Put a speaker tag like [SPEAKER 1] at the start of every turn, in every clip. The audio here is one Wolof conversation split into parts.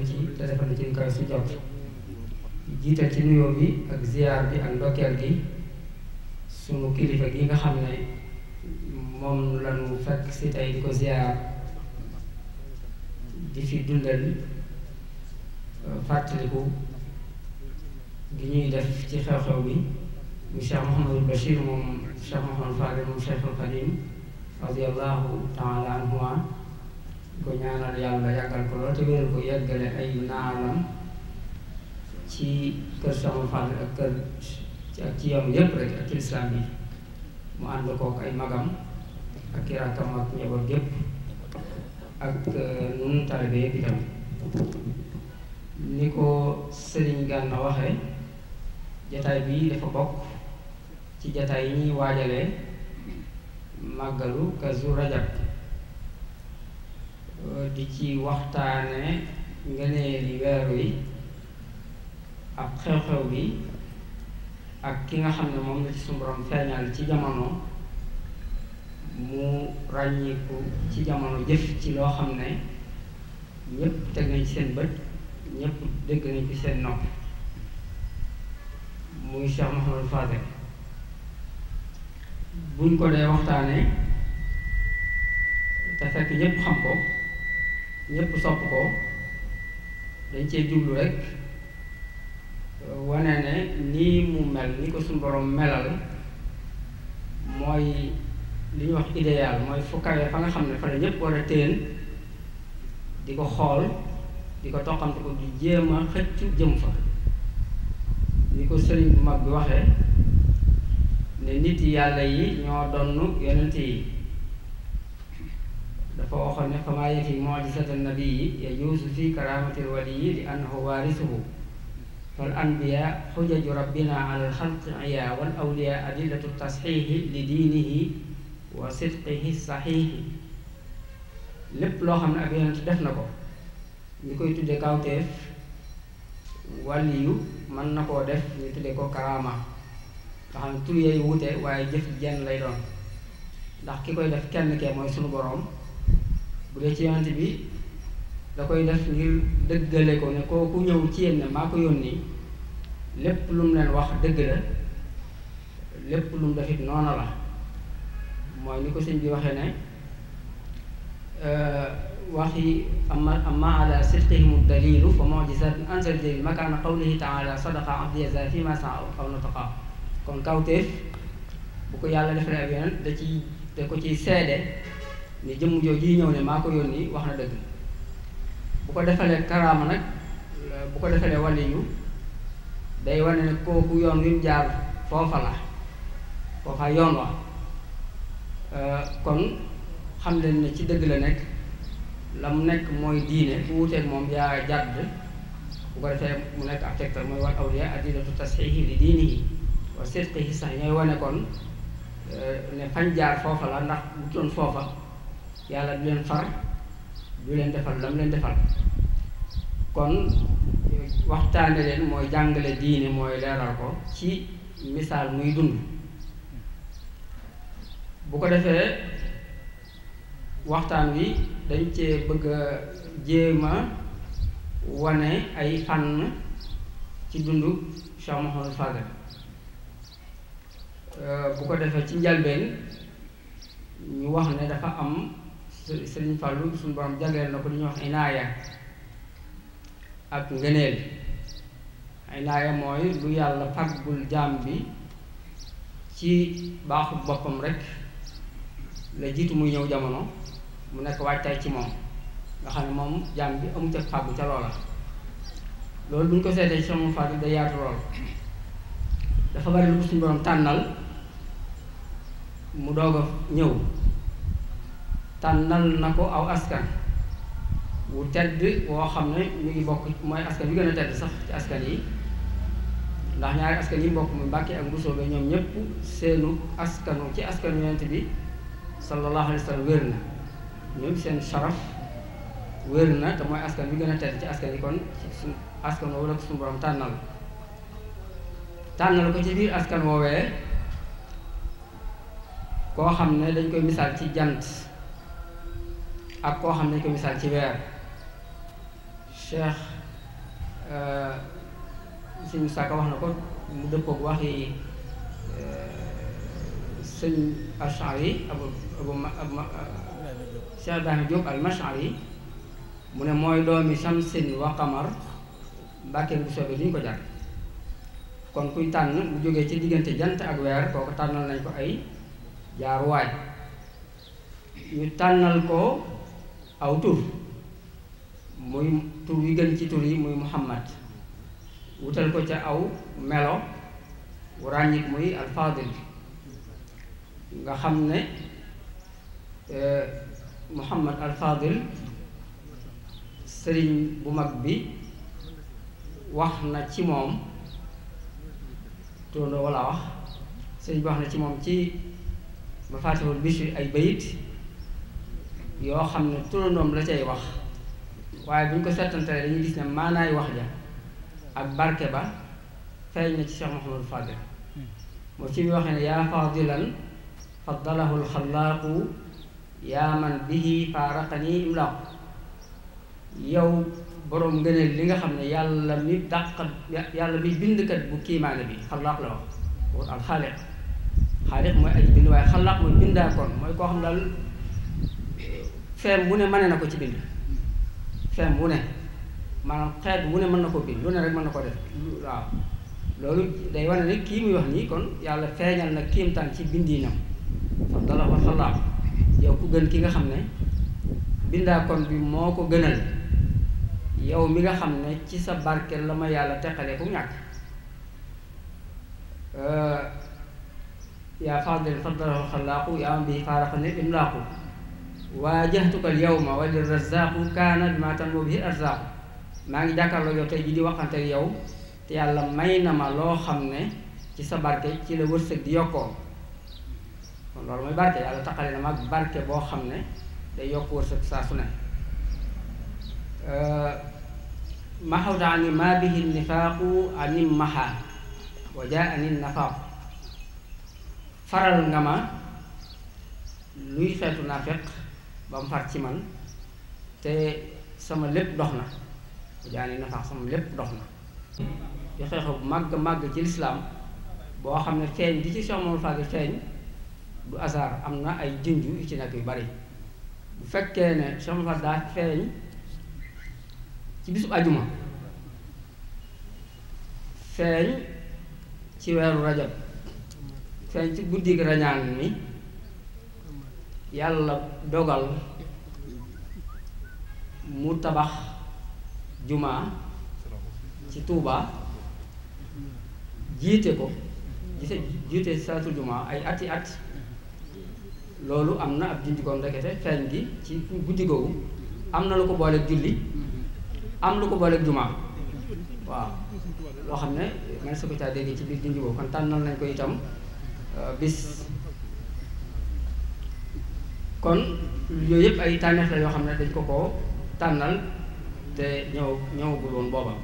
[SPEAKER 1] la ci te defal ci ñu kawe suñu jot jiital ci nuyoo bi ak ziar bi ak ndokkeel gi sunu kilifa gi nga xam ne moom lañu fekk si tey di ko ziar di fi dundal euh, fàttaliku gi ñuy def ci xew-xew bi mu Cheikh Mouhamadul Bachir moom Cheikh Mouhamadul Fadel moom Cheikhul Khadim radiyallahu taala anhuma ko ñaanal yàlla yàggal ko lool te wéral ko yeggale ay naalam ci kër Cheikh Fall ak kër ak ci yoon yépp rek ak ci lislaam bi mu ànd kook ay magam ak i rakkam ak njaboot gépp ak euh, nun taalibe yépp itam ni ko sëriñ Gana waxee jataay bi dafa bokk ci jataay yi ñuy waajalee Kazu Rajab Euh, di ci waxtaane ngëneeli weer wi ak xew-xew bi ak ki nga xam ne moom la ci suñu borom ci jamono mu ràññiku ci jamono jëf ci loo xam ne ñépp teg nañ seen bët ñépp dégg nañ ci seen nopp muy Cheikh Mouhamadou Fadel buñ ko dee waxtaane te fekk ñépp xam ko ñépp sopp ko dañ cee jublu rek euh, wane ne nii mu mel ni ko suñu borom melal mooy li ñuy wax idéal mooy fu fa nga xam ne fa la ñépp war a téen di ko xool di ko toqante ko di jéem xëccu jëm fa ni ko sëriñ bu mag bi waxee ne nit yàlla yi ñoo donn yonent dafa waxoon ne fa maa yafi mujizata nabii yajuusu fi karaamati lwalii li annahu waarisuhu fal anbiya xujaju rabbina ala alxalqi iya wal awliya li diinihi wa sidqihi saxiixi lépp loo xam ne ak yonent def na ko ñu koy tudde kawteef wàlliyu mën na koo def ñu tudde ko karaama nga xam ne wute waaye jëf jenn lay doon ndax ki koy def kenn kee mooy sunu boroom bu dee ci yonent bi da koy def ngir dëggale ko ne kooku ñëw ci yéen ne maa ko yónni lépp lu mu leen wax dëgg la lépp lu mu def it noona la mooy ni ko sëñ bi waxee ne euh, waxi am ama ala sidqihim dalilu fa mojisatun anzalil makaana qawlihi taala sadaqa abdiaza fi ma saa xaw na taqa kon kawteef bu ko yàlla defaree ak yeneen da ci da ko ci seede ni jëmm joo ji ñëw ne maa ko nii wax na dëgg bu ko defalee karaama nag bu ko defalee waliyu day wane ne kooku yoon wi jaar foofa la foofa yoon wa euh, kon xam leen ne ci dëgg la nekk la mu nekk mooy diine ku wuuteeg moom yaa jàdd bu ko defee mu nekk ab tegtal mooy wal awliya adillatu tasxiixi li diinihi wa sidqihi sax ñooy wane kon euh, ne fañ jaar foofa la ndax bu doon foofa yàlla du leen far du leen defal lam leen defal kon waxtaane leen mooy jàngale diine mooy leeral ko ci misaal muy dund bu ko defee waxtaan wi dañ cee bëgg a jéem a wane ay fànn ci dund Cheikh Mouhamadou Fadel euh, bu ko defee ci njalbeen ñu wax ne dafa am Sëriñ Fàllu suñu borom jagleel na ko li ñuy wax inaaya ak ngëneel inaaya mooy lu yàlla fàggul jaam bi ci baaxu boppam rek la jiitu muy ñëw jamono mu nekk waajtaay ci moom nga xam ne moom jaam bi amut ak fàggu ca loola loolu bu ko seetee ci sama fàggu day yaatu lool dafa bari lu suñu borom tànnal mu doog ñëw tànnal na ko aw askan wu tedd woo xam ne ñu ngi bokk mooy askan yu gën a tedd sax ci askan yi ndax ñaari askan yi bokk mu Mbàkke ak Mbusoobe ñoom ñëpp seenu askanu ci askan yonent bi sallallahu alayhi wa sallam wér na ñoom seen sharaf wér na te mooy askan bi gën a tedd ci askan yi kon ci suñ askan woowu la ko suñu borom tànnal tànnal ko ci biir askan woowee koo xam ne dañ koy misaal ci jant ak koo xam ne ko misaal ci weer cheikh sëñ euh, Saka wax na ko mu dëppoo bu wax yi euh, sëñ Ashari abu abu euh, Cheikh Ibrahima Diop al Mashari mu ne mooy doomi Shamsin wa Qamar Mbàkke bu soobee duñ ko jàpp kon kuy tànn bu jógee ci diggante jant ak weer kooku tànnal nañ ko ay jaaruwaay ñu tànnal ko aw tur muy tur wi gën ci tur yi muy muhammad wutal ko ca aw melo wu ràññit muy alfaadil nga xam ne e, muhammad alfaadil sëriñ bu mag bi wax na ci moom tóondo wala wax sëriñ bi wax na ci moom ci mafaatihul bishri ay bayit yoo xam ne turandoom la cay wax waaye bu ñu ko settantale dañuy gis ne maanaay wax ja ak barke ba feeñ na ci Cheikh Mouhamadou Fadel moo ci bi waxee ne yaa fadilan faddalahu alxalaaqu yaa yow boroom ngëneel li nga xam ne yàlla mi yàlla mi bindkat bu kiimaane bi xalaaq la mooy aj bind waaye xalaaq mooy bindaakoon mooy koo xam daal feem wu ne mën na ko ci bind feem wu ne maanaam xeet wu ne mën na ko bind lu ne rek mën na ko def waaw loolu day wane ne kii muy wax nii kon yàlla feeñal na kiimtaan ci bindiinam sax dala wax xalaat yow ku gën ki nga xam ne bindaa kon bi moo ko gënal yow mi nga xam ne ci sa la ma yàlla teqalee ku ñàkk euh, yaa faadil faddalaxu xalaaqu yaa am bi faaraxa waajahtuka al yawma wali razaqu kaana bi ma tanmu bihi arzaqu maa ngi jàkkaarloo tey ji di waxante ak yow te yàlla may na ma loo xam ne ci sa barke ci la wërsëg di yokkoo ma ak barke boo xam ne yokk wërsëg saa su ne mahawta ani ma bihi nifaaqu ani maha wa jaa ani faral nga ma luy xeetu naafeq ba mu far ci man te sama lépp dox na jaani na fax sama lépp dox na di xeexu màgg màgg ci lislaam boo xam ne feeñ di ci Cheikh Mamadou Fadil feeñ du hasard am na ay junj yu ci nekk yu bari bu fekkee ne Cheikh Mamadou daa feeñ ci bisu ajuma feeñ ci weeru rajab feeñ ci guddi gi rañaan mi yàlla dogal mu tabax jumaa ci Tuubaa jiite ko jiite jiite salaatul jumaa ay ati at loolu am na ab junjikoon ndekete feeñ gi ci guddi googu am na lu ko booleeg julli am lu ko booleeg jumaa waaw loo xam ne man su ko caa déggee ci biir junj googu kon tànnal nañ ko itam euh, bis kon yooyu yëpp ay tànneef la yoo xam ne dañ ko ko tànnal te ñëw ñëwagul woon boobam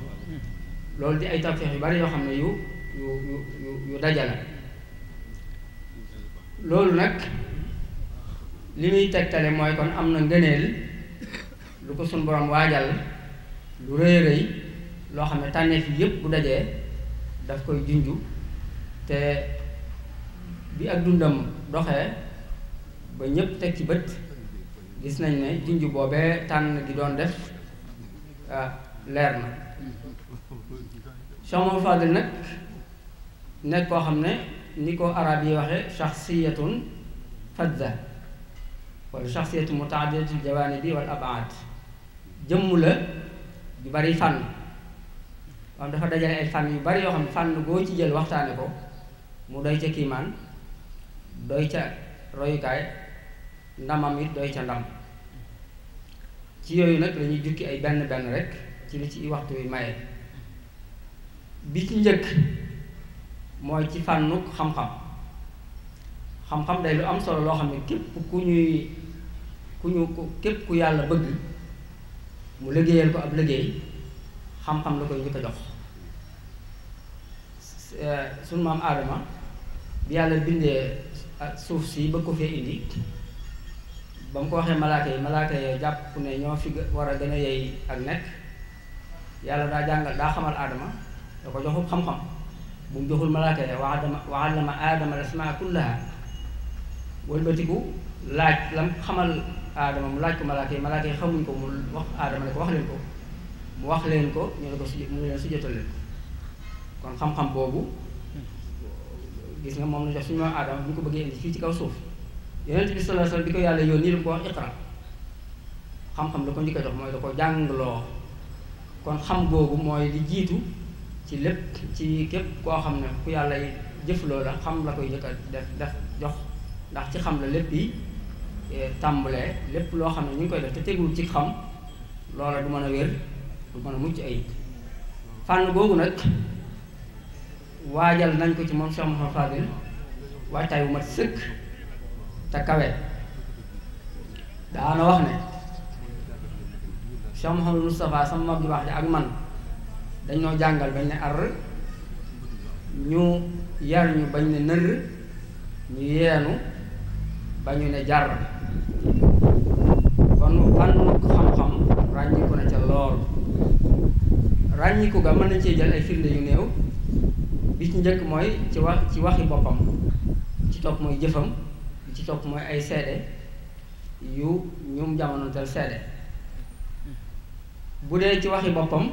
[SPEAKER 1] loolu di ay tawfeex yu bari yoo xam ne yu yu yu yu dajala loolu nag li muy tegtale mooy kon am na ngëneel lu ko suñ borom waajal lu rëy rëy loo xam ne tànneef yi yëpp bu dajee daf koy junju te bi ak dundam doxee ba ñëpp teg ci bët gis nañ ne junj boobee tànn di doon def ah, leer na Cheikh Mouhamadou Fadil nag nekk koo xam ne ni ko arab yi waxe shaxsiyatun fadda wala shaxsiyatu mutaaddidatul jawaanibi wal abaad jëmm la ju bari fànn am dafa dajale ay fànn yu bari yoo xam ne fànn goo ci jël waxtaane ko mu doy ca kiimaan doy ca royukaay ndamam it doy ca ndam ci yooyu nag lañuy jukki ay benn benn rek ci li ci waxtu wi maye bi ci njëkk mooy ci fànnuk xam-xam xam-xam day lu am solo loo xam ne képp ku ñuy ku ñu képp ku yàlla bëgg mu liggéeyal ko ab liggéey xam-xam la koy njëkk a jox euh, sunu maam Aadama bi yàlla bindee suuf si bëgg ko fee indi ba mu ko waxee malaaka yi malaaka yi jàpp ne ñoo fi war a gën a yey ak nekk yàlla daa jàngal daa xamal aadama da ko joxul xam-xam bu mu joxul malaaka yi wa adama aadama asmaa kullaha wëlbatiku laaj lam xamal aadama mu laaj ko malaaka yi xamuñ ko mu wax aadama ne ko wax leen ko mu wax leen ko ñu ne ko leen sujjatal kon xam-xam boobu gis nga moom la jox suñu aadama bu ñu ko bëggee indi fii ci kaw suuf yonent bi sallallahu alayhi wasallam bi ko yàlla yoon nii ko wax iqra xam la ko njëkk a mooy la ko jàngloo kon xam googu mooy li jiitu ci lépp ci képp koo xam ne ku yàlla jëf la xam la koy njëkk def def jox ndax ci xam la lépp yi e, tàmbalee lépp loo xam ne ñu ngi koy def te tegul ci xam loola du mën a wér du mën a mucc ayib fànn googu nag waajal nañ ko ci moom Cheikh Mouhamed Fadil waajtaay bu mat sëkk te kawe daana wax ne Cheikh Mouhamadou Moustapha sama mag ju baax ji ak man dañoo jàngal bañ ne ar ñu yar ñu bañ ne nër ñu yeenu bañu ne jar kon fànn ko xam ràññiku na ca lool ràññiku ga mën nañ cee jël ay firnde yu néew bi ci njëkk mooy ci wax ci waxi boppam ci topp mooy jëfam ci topp mooy ay seede yu ñum jamonoonteel seede bu dee ci waxi boppam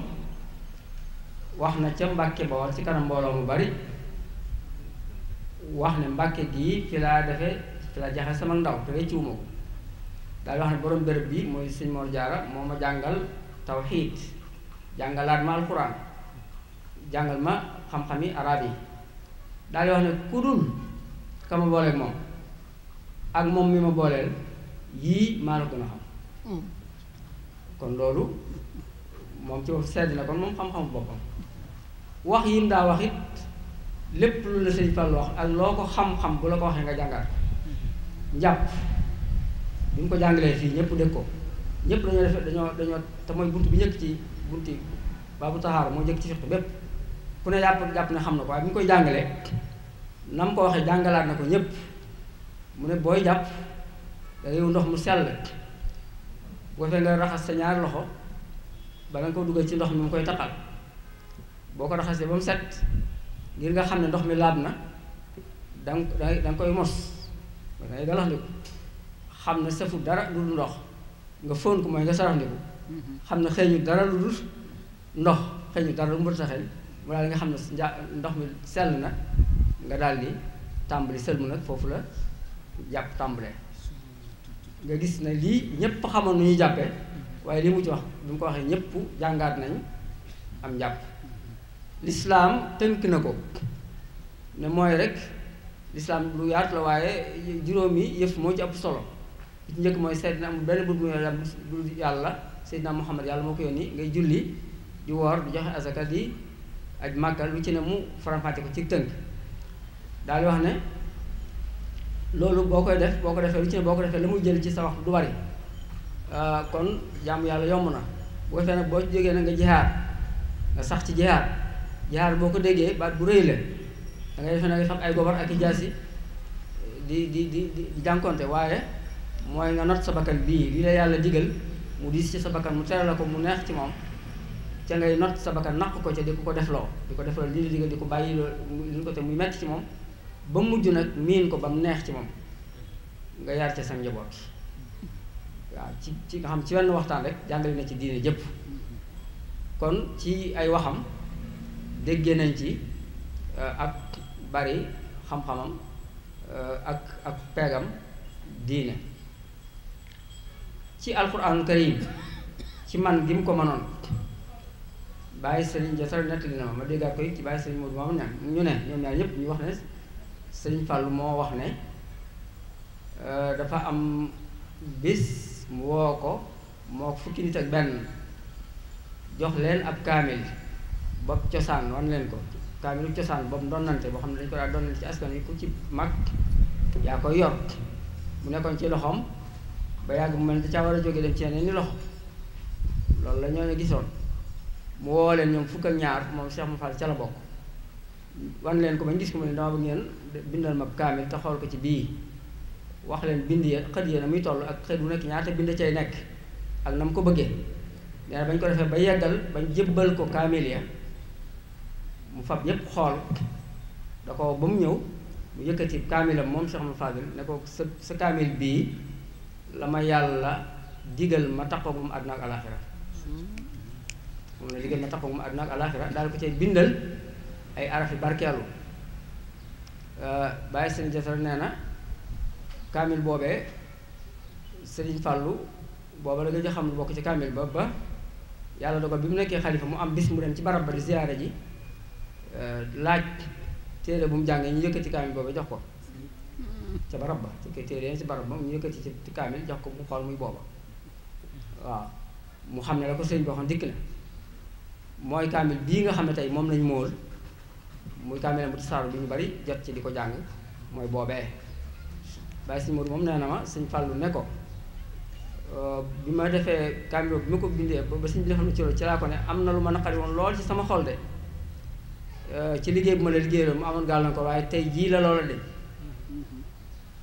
[SPEAKER 1] wax na ca Mbàkke Bawol ci kanam mbooloo mu bari wax ne Mbàkke gii ci laa defe ci la jaxe sama ndaw te wecciwuma ko daal wax ne borom bërëb bi mooy sëñ Mor Jaara moo ma jàngal tawxiid jàngalaat ma alxuraan jàngal ma xam-xami arab yi daal wax ne ku dul ka moom ak moom mi ma booleel yii maa ko na a xam hmm. kon loolu moom ci wax sedd na kon moom xam-xamu boppam wax yi mu daa wax lépp lu la sëñ Fall wax ak loo ko xam-xam bu la ko waxee nga jàngaat ko njàpp bi ko jàngalee fii ñëpp dégg ko ñëpp dañoo def dañoo dañoo te mooy bunt bi njëkk ci bunti baabu taxaar moo njëkk ci fiq ku ne jàpp jàpp ne xam na ko waaye bi mu koy jàngalee na mu ko waxee jàngalaat na ko ñëpp mu ne booy jàpp dangay yow ndox mu sell boo fee nga raxas sa ñaari loxo bala nga ko duggal ci ndox mi mu koy taqal boo ko raxasee ba mu set ngir nga xam ne ndox mi laab na danga danga koy mos dangay galaxndiku xam ne safu dara ndox nga fóon mooy nga saraxndiku xam ne xëeñu dara lu dul ndox xëeñu mhm. dara lu mu sa xëy nga xam ne ndox mi sell na nga daal di tàmbali sëlmu nag foofu la jàpp tàmbalee nga gis ne lii ñëpp xamoon nu ñuy jàppee waaye li mu ci wax bi mu ko waxee ñëpp jàngaat nañ am njàpp lislaam tënk na ko ne mooy rek lislaam lu yaatu la waaye juróomi yëf moo ci ëpp solo bi ci njëkk mooy seydina amul benn but mu dul yàlla seydina muhammad yàlla moo ko yónni ngay julli di woor di joxe asaka di aj màkka lu ci ne mu faramfàcce ko ci tënk daal yi wax ne loolu boo koy def boo ko defee lu ci ne boo ko defee la muy jël ci sa waxtu du bari euh, kon jàmm yàlla yomb na bu defee nag boo ci jógee nag nga jihaar nga sax ci jihaar jihaar boo ko déggee baat bu rëy la da ngay defee nag xam ay gobar ak i jaasi di di di di jànkonte waaye mooy nga not sa bakkan bii lii la yàlla diggal mu diis ci sa bakkan mu teral la ko mu neex ci moom ca ngay not sa bakkan naq ko ca di ko ko defloo di ko defloo lii la digal di ko bàyyi loo ko te muy metti moom ba mujj nag miin ko ba mu neex ci moom nga yar ca sa njaboot waaw ci ci nga xam ci wenn waxtaan rek jàngale na ci diine jëpp kon ci ay waxam déggee nañ ci euh, ak bari xam-xamam euh, ak ak peegam diine ci alquranul karim ci man gi mu ko mënoon bàyyi sëriñ jasar nettali na ma ma déggaat ko ci bàyyi sëriñ Moodu moom ñu ne ñoom ñaar ñëpp ñu wax ne sëñ Fall moo wax ne euh, dafa am bis mu woo ko moo fukki nit ak benn jox leen ab kaamil bopp cosaan wan leen ko kaamilu cosaan boobu donnante boo xam ne dañ ko daa donnante ci askan wi ku ci mag yaa koy yor mu nekkoon ci loxoom ba yàgg mu mel da caa war a jóge dem ci yeneen ni loxo loolu la ñoo ne gisoon mu woo leen ñoom fukk ak ñaar moom Cheikh mu Fall ca la bokk wan leen ko bañ gis ko mu ne dama bëgg ngeen bindal ma kaamil te xool ko ci bii wax leen bind ya xët ya na muy toll ak xët bu nekk ñaata bind cay nekk ak na mu ko bëggee nee na bañ ko defee ba yeggal bañ jébbal ko kaamil ya mu fab ñépp xool da ko ba mu ñëw mu yëkkati kaamilam moom Cheikh Mouhamadou Fadil ne ko sa sa kaamil bii la ma yàlla digal ma taxaw moom àdduna ak alaaxira
[SPEAKER 2] hmm.
[SPEAKER 1] moom la digal ma taxaw àdduna ak alaaxira daal ko cay bindal ay arafi barkeelu euh, bàyyi sëriñ jasar nee na kaamil boobee sëriñ fàllu booba la nga xam lu bokk ci kaamil ba ba yàlla dogal bi mu nekkee xalifa mu am bis mu dem ci barab ba di ziyaare ji euh, laaj téere bu mu jàngee ñu yëkkati kaamil booba jox ko ca barab ba ci téere ci barab ba ñu yëkkati ci kaamil jox ko mu xool muy booba waaw mu xam ne la ko sëriñ boo xam na mooy kaamil bii nga xam ne tey moom lañ móol muy kaamil bu tasaaru bi ñu bari jot ci di ko jàng mooy boobee bàyyi sëñ Moodu moom nee na ma sëñ Fàllu ne ko bi ma defee kaamil bi ma ko bindee ba suñ bi nga xam ci loolu laa ko ne am na lu ma naqari woon lool ci sama xol de ci liggéey bu ma la liggéeyaloon mu amoon ko waaye tey jii la loola de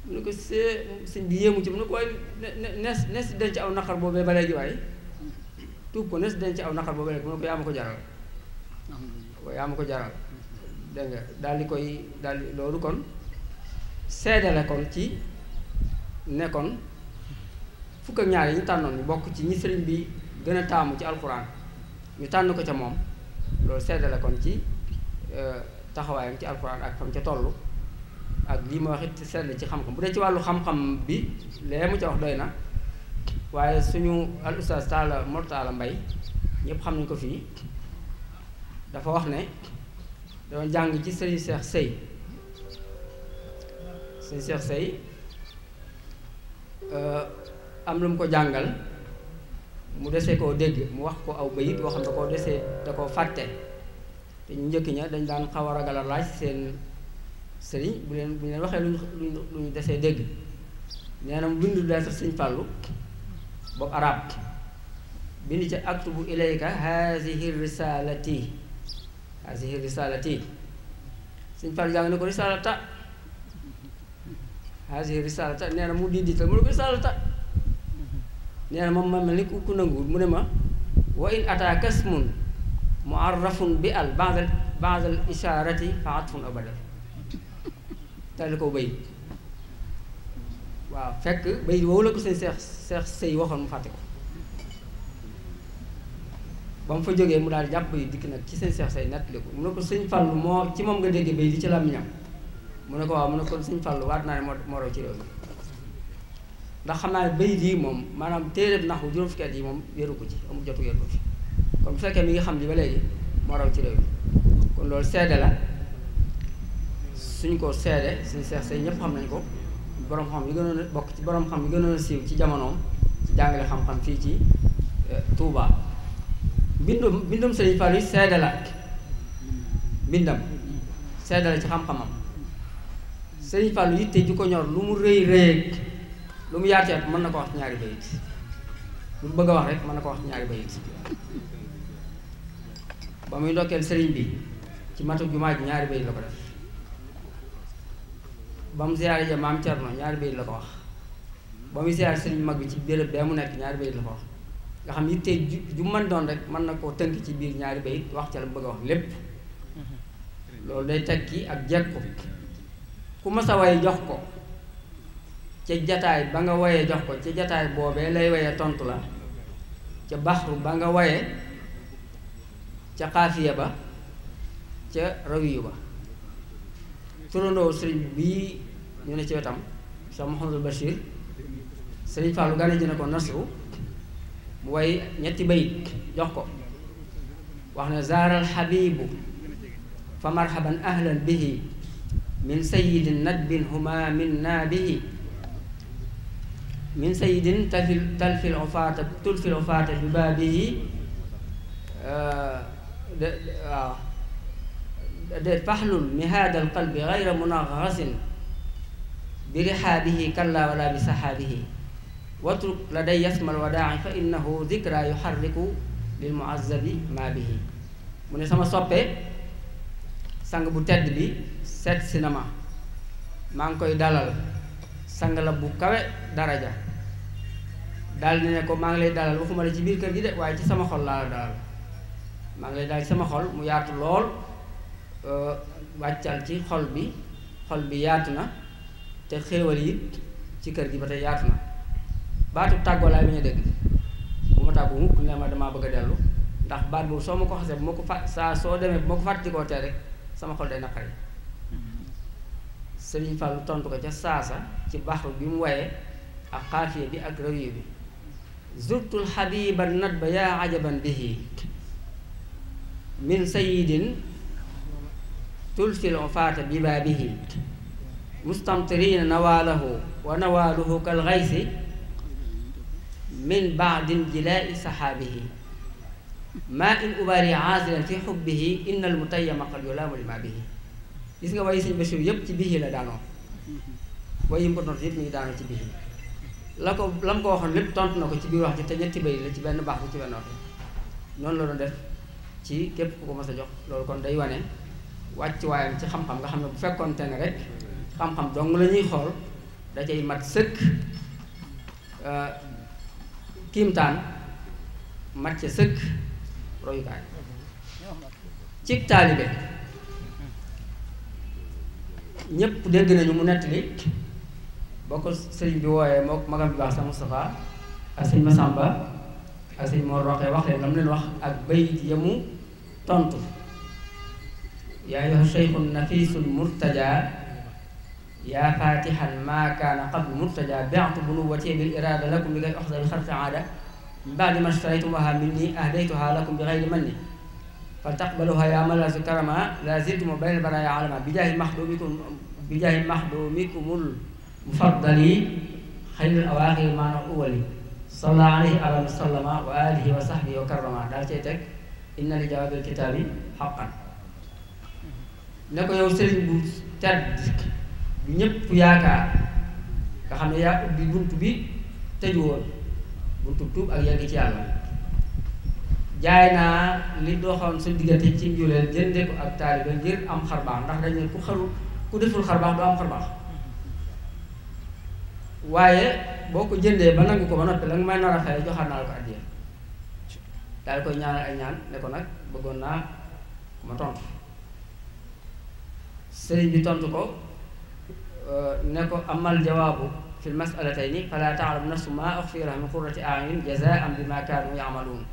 [SPEAKER 1] mu ne ko see sëñ bi yéemu ci mu ne ko waaye nees nees denc aw naqar boobee ba léegi waaye tuub ko nees denc aw naqar boobee léegi mu ne ko ko jaral ko dégg nga daal di koy daal di loolu kon seddale la kon ci nekkoon fukk ak ñaar yi ñu tànnoon ñu bokk ci ñi sëriñ bi gën a taamu ci alxuraan ñu tànn ko ca moom loolu seddale kon ci euh, taxawaayam ci alxuraan ak fam ca tollu ak lii ma wax it seede ci xam-xam bu dee ci wàllu xam-xam bi lee mu ca wax doy na waaye suñu al ustaz Talla Mor Talla Mbaye ñëpp xam nañ ko fii dafa wax ne dañoo jàng ci sëriñ Seex Sëy sëriñ Seex Sëy am lu mu ko jàngal mu desee koo dégg mu wax ko aw bayit boo xam da koo desee da koo fàtte te ñu njëkk ña dañ daan xaw a laaj seen sëriñ bu leen bu leen waxee lu ñu lu ñu desee dégg nee na mu bind lettre sëñ Fàllu boobu arab bind ci aktubu ilayka hazihi risalati asihi risalati suñ par jàng ne ko risalata asihi risalata nee mu diidiital mu ne ko risalata nee na moom ku ku nanguwul mu ne ma wa in ata kasmun muarrafun bi al ba'dal ba'dal isharati fa atfun aw badal tali ko bay waaw fekk bay woowu la ko seen seex seex sëy waxoon mu fàtte ko ba mu fa jógee mu daal jàpp yi dikk nag ci sëñ Cheikh say nettali ko mu ne ko sëñ Fallou moo ci moom nga dégg bay di ci làmmiñam mu ne ko waaw mu ne kon sëñ Fallou waat naa ne moo moo raw ci réew mi ndax xam naa ne bay dii moom maanaam téere nax bu juróom fukki at yi moom wéeru ko ci amul jotu wéeru ko fi kon bu fekkee mi ngi xam li ba léegi moo raw ci réew mi kon loolu seede la suñ ko seede sëñ Cheikh say ñëpp xam nañ ko borom xam yi gënoon a bokk ci borom xam yi gënoon a siiw ci jamonoom jàngale xam fii ci eh, Touba mbindum mbindum Sëriñ Fallu seede la mbindam seede la ci xam-xamam Sëriñ Fallu yitte ju ko ñor lu mu rëy rëy lu mu yaatu yaatu mën na ko wax ñaari bayit lu mu bëgg a wax rek mën na ko wax ñaari bayit ba muy ndokkeel sëriñ bi ci matu jumaa ji ñaari bayit la ko def ba mu ziyaare ja maam Cerno ñaari bayit la ko wax ba muy ziyaare sëriñ mag bi ci béréb bee mu nekk ñaari bayit la ko wax nga xam yitte ju ju mën doon rek mën na koo tënk ci biir ñaari bayit wax ca la bëgg a wax lépp mhm. loolu day tekki ak jekku ku mas a waye jox ko ca jataay ba nga wayee jox ko ca jataay boobee lay waye tontu la ca baxru ba nga waye ca xaafiya ba ca rawiyu ba turandoo sëriñ bii ñu ne ci wetam sa Mouhamadul Bachir sëriñ Fallou gane ji ne ko nasru mu way ñetti bayit jox ko wax na zaaral xabibu fa marhaban ahlan bihi min sayidin nadbin huma min naa bihi min sayidin talfil talfil ufaata tulfil ufaata bi baabihi de waaw de faxlul mi haadal qalbi gayra munaxasin bi rixaabihi kalla wala bi saxaabihi watruk la day yasmal wadaa'i fa innahu zikra yuharriku lil muazzabi maa bihi mu ne sama soppee sang bu tedd bi seet si na ma maa ngi koy dalal sang la bu kawe daraja daal ne ne ko maa ngi lay dalal waxuma la ci biir kër gi de waaye ci sama xol laa la dalal maa ngi lay dalal ci sama xol mu yaatu lool euh, wàccal ci xol bi xol bi yaatu na te xéewal yi ci kër gi ba tey yaatu na baatu tàggoo laay ba ñu dégg bu ma tàggu mukk ma damaa bëgg dellu ndax baat boobu soo ma ko xasee bu ma ko fàtt saa soo demee bu ma ko fàttikoo tee rek sama xol day naqari Sëriñ Fallu tontu ko ca saasa ci baxru bi mu waye ak xaafiya bi ak rawiyu bi zurtul xabiba nat ba yaa ajaban bihi min sayidin tulfil ufaata bibaabihi mustamtirina nawaalahu wa kal xaysi min baadin jilaa'i saxaabihi maa in ubaari aasilan fi xubbihi innal mutayyama qad yulaamu lima bihi gis nga waaye sëñ Bachir yëpp ci bihi la daanoo waaye importance yëpp ñu ngi daanoo ci bihi la ko la mu ko waxoon lépp tontu na ko ci biir wax ji te ñetti bay la ci benn baax bu ci benn wax noonu la doon def ci képp ku ko mos a jox loolu kon day wane wàcc waayam ci xam-xam nga xam ne bu fekkoonte ne rek xam-xam dong la ñuy xool da cay mat kiimtaan mat ca sëkk royukaay cig taalibe ñépp dégg nañu mu nettali boo ko sëriñ bi wooyee moo magam bi baax sa Moustapha ak sëñ Massamba ak sëñ Mor Roqee wax leen la mu wax ak bayit ya tontu yaa ayyuha shaykhun murtajaa yaa faatixan maa kaana qablu murtajaa beextu bunuwwati bil iraada lakum bi kay oxsal xar saada min baadi ma shtaraytumuha minni ahdaytuha lakum bi xayri manni faltaqbaluha yaa malasu karama la ziltuma bayna albaraya alama bi jaahi maxdumikum bi jaahi maxdumikumul mufaddali xayril awaaxiri maana uwali salla alayhi wa sallama wa alihi wa sahbihi wa karrama daal cay teg inna li jawaabil kitaabi xaqan ne ko yow sëriñ bu tedd ñépp yaakaar nga xam ne yaa ubbi bunt bi tëju woon buntu tuub ak yegg ci yàlla jaay naa li doxoon sa diggante ci njuleel jënde ko ak taalibe ngir am xarbaax ndax dañ ne ku ku deful xarbaax doo am xarbaax waaye boo ko jëndee ba nangu ko ba noppi la nga may nar a fay naa la ko addiya daal koy ñaanal ay ñaan ne ko nag bëggoon naa ku ma tontu sëriñ bi tontu ko ne ko amal jawaabu fi l masalatayni fala nafsu ma uxfiya lahum min qurrati ayunin jazaan bima kaanu yamaluun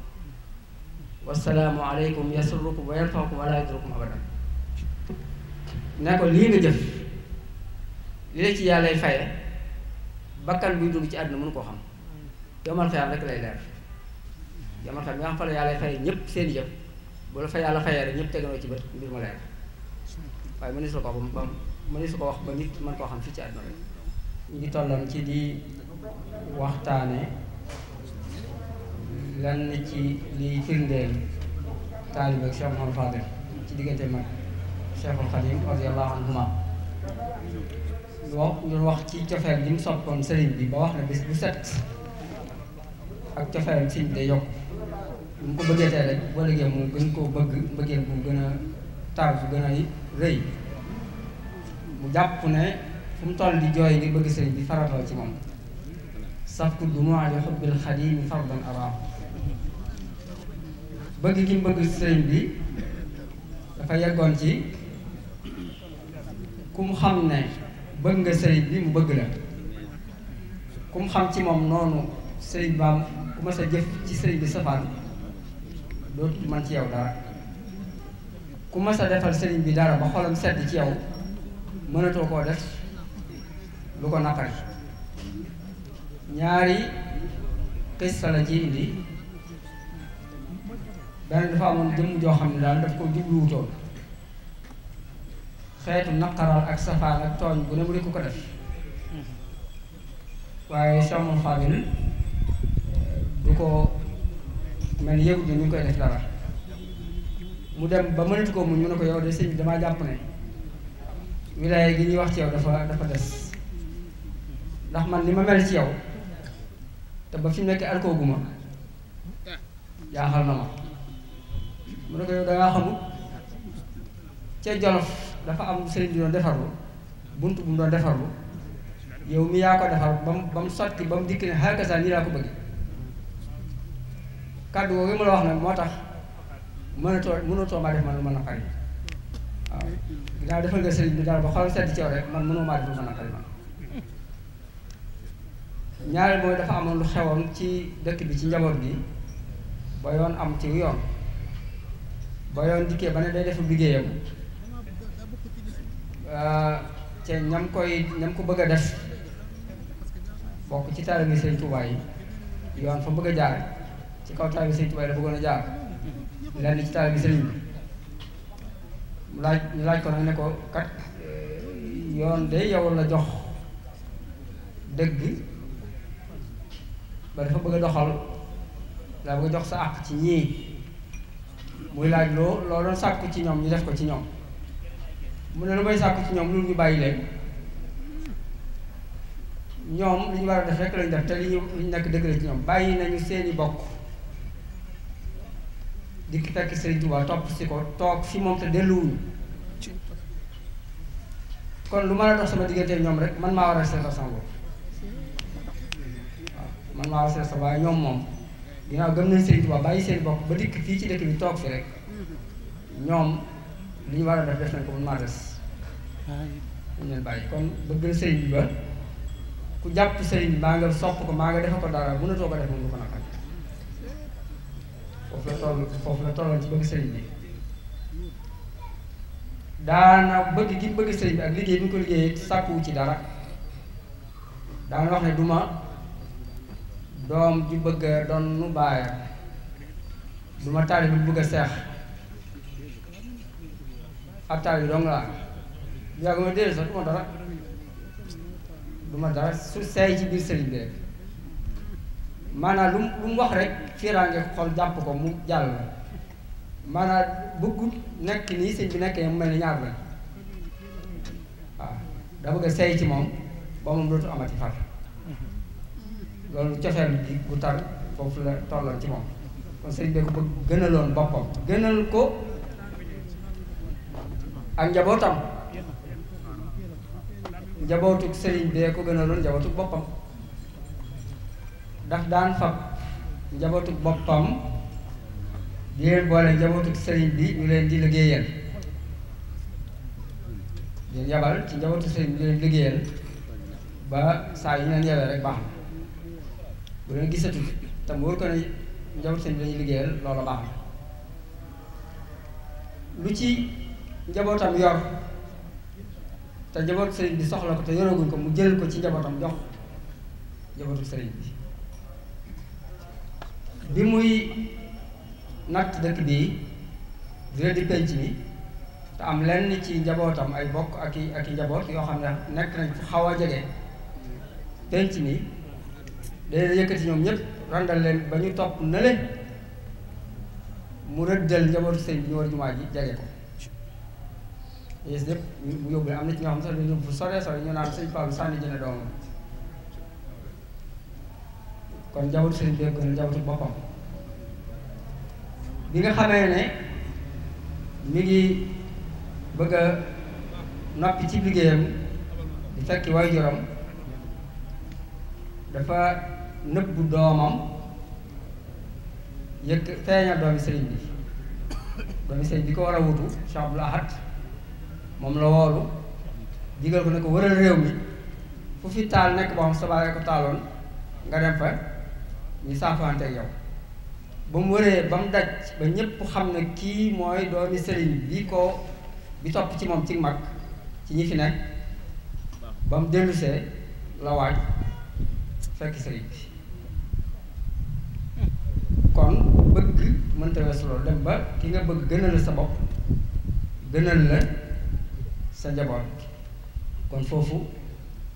[SPEAKER 1] wasalaamu aleykum yasurukum wa ko li yàllay faye bakkan buy ci àdduna mënu koo xam yomal xayaam rek lay leer yomal xayaam nga xam fa la yàllay faye ñépp seen jëf bu la fa yàlla fayee ñépp teganoo ci bët mbir ma leer waaye mënees ko xam mënees ko wax ba nit mën koo xam fii ci àdduna rek ñu ngi tolloon ci di waxtaane lan na ci liy firndeel taalib ak Cheikh Mouhamed Fadel ci diggante mag Cheikhul Khadim radiyallahu anhuma wax ñu wax ci cofeel bi mu soppoon sëriñ bi ba wax na bés bu set ak cofeelam sëriñ bi day yokk mu ko bëggatee rek boo liggéey mu gën koo bëgg mbëggeel bu gën a taal bu gën a rëy mu jàpp ne fu mu toll di jooy di bëgg sëriñ bi far ci moom safku dumaa li xubbil xadimi fardan araam bëgg gi mu bëgg sëriñ bi dafa yeggoon ci ku mu xam ne bëgg nga sëriñ bi mu bëgg la ku mu xam ci moom noonu sëriñ baam ku ma sa jëf ci sëriñ bi safaan dootu man ci yow dara ku ma sa defal sëriñ bi daal ba xolam sedd ci yow mënatoo koo def lu ko naqari ñaari xista la ci indi benn dafa amoon jëmm joo xam ne daal daf ko jubluwutoon xeetu naqaral ak safaan ak tooñ bu ne mu di ko ko def waaye Cheikh Fadil ko mel yëgut ni ñu ngi koy def dara mu dem ba mënatu ko mu ñu ne ko yow de sëñ bi damaa jàpp ne wilaaya gi ñuy wax ci yow dafa dafa des ndax man li ma mel ci yow te ba fi mu nekk alkoogu ma jaaxal na ma mu ne ko yow dangaa xamul ca Jolof dafa am sëriñ bi doon defarlu bunt bu mu doon defarlu yow mi yaa ko defar ba mu ba mu sotti ba mu dikk ne xaakasa nii laa ko bëgg kàddu woowu ma la wax nag moo tax too mënatoo mënatoo ma def man mën na naqari waaw daaw defal nga sëriñ bi daal ba xool sedd ci yow rek man mënoo maa defal ma naqari man ñaareel mooy dafa amoon lu xewoon ci dëkk bi ci njaboot gi ba yoon am ci yoon ba yoon dikkee ba ne day def liggéeyam ah, te ñam koy ñam ko bëgg a def bokk ci taalibe sëriñ Tuubaa yi yoon fa bëgg a jaar ci kaw taalibe sëriñ Tuubaa yi la bëggoon a jaar lenn ci taalibe sëriñ bi mu laaj ñu laaj ko nag ne ko kat yoon de yow la jox dëgg ba dafa bëgg a doxal daa bëgg jox sa àq ci ñii muy laaj loo loo doon sàkku ci ñoom ñu def ko ci ñoom mu ne lu may sàkku ci ñoom loolu ñu bàyyi leen ñoom li ñu war def rek lañ def te li ñu nekk dëgg la ci ñoom bàyyi nañu seeni bokk dikk fekk Serigne Touba topp si ko toog fi moom te delluwuñu kon lu mën a dox sama te ñoom rek man maa war a seetal sama bopp man maa war a seetal sama waaye ñoom moom ginnaaw gëm nañ Serigne Touba bàyyi seen bopp ba dikk fii ci dëkk bi toog fi rek ñoom li ñu war a def def nañ ko man maa des ñu leen bàyyi kon bëgg Serigne bi ba ku jàpp Serigne maa nga sopp ko maa nga defa ko dara mënatoo ko def moom foofu la toll foofu la toll ci bëgg sëriñ bi daana bëgg gi bëgg sëriñ bi ak liggéey bi ko liggéeyee sàkkuwu ci dara daana wax ne duma doom ju bëgg a doon nu baayam duma taalib bu bëgg a seex ab taalib bi dong laa yàgg ma déedéet sax duma dara duma dara su seey ci biir sëriñ bi maanaam lu lu mu wax rek fiiraange xool jàpp ko mu jàll la maanaam nekk nii sëñ bi nekkee mu mel ni ñaar la waaw da bëgg a seey ci moom ba moom dootu amati far loolu cofeel bi bu tar foofu tolloon ci moom kon sëriñ bi ko bëgg gënaloon boppam gënal ko ak njabootam njabootuk sëriñ bee ko gënaloon njabootuk boppam daf daan fab njabootu boppam di leen boole njabootu sëriñ bi ñu leen di liggéeyal di yabal ci njabootu sëriñ bi ñu leen liggéeyal ba saa yu ñu leen yabee rek baax na bu leen gisatu te mu wóor ko ne njabootu sëriñ bi lañuy liggéeyal loolu baax lu ci njabootam yor te njabootu sëriñ bi soxla ko te yoraguñ ko mu jël ko ci njabootam jox njabootu sëriñ bi bi muy natt dëkk bii di la di penc mi te am lenn ci njabootam ay bokk ak i ak i njaboot yoo xam ne nekk nañ fu xaw a jege penc ni day yëkkati ñoom ñëpp randal leen ba ñu topp na leen mu rëddal njabootu sëñ bi ñu war jumaa ji jege ko yées ñëpp mu yóbbu am na ci ñoo xam sax dañu yóbbu sore sore ñu naan sëñ Pape sànni jëne doomam kon njabootu sëriñ bi kon njabootu boppam bi nga xamee ne mi ngi bëgga a noppi ci liggéeyam di fekki waajuram dafa nëbbu doomam yëkk feeñal doomi sëriñ bi doomi sëriñ bi ko war a wutu Cheikh Abdoul Ahad moom la woolu digal ko ne ko wëral réew mi fu fi taal nekk boo xam sabaa ko taaloon nga dem fa ñu saafante ak ba mu wëree ba mu daj ba ñépp xam na kii mooy doomi sëriñ bi ko bi topp ci moom ci mag ci ñi fi nekk ba mu dellusee la waaj fekk sëriñ bi kon bëgg mënta weesu dem ba ki nga bëgg gënal sa bopp gënal la sa njaboot kon foofu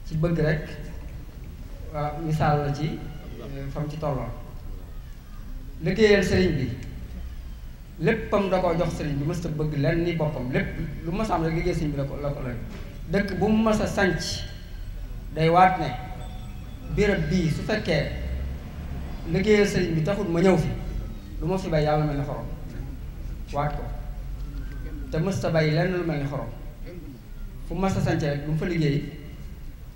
[SPEAKER 1] ci bëgg rekk waaw misaal la ci fam ci tolloon liggéeyal sëriñ bi léppam da koo jox sëriñ bi mës bëgg lenn ni boppam lépp lu ma am rek liggéey sëriñ bi la ko la mu mës a sanc day waat ne béréb bii su fekkee sëriñ bi taxul ma ñëw fi lu ma fi bay yàlla mel ni xorom waat ko te mës a bay lenn lu mel ni xorom fu mës a sanc rek lu mu fa liggéey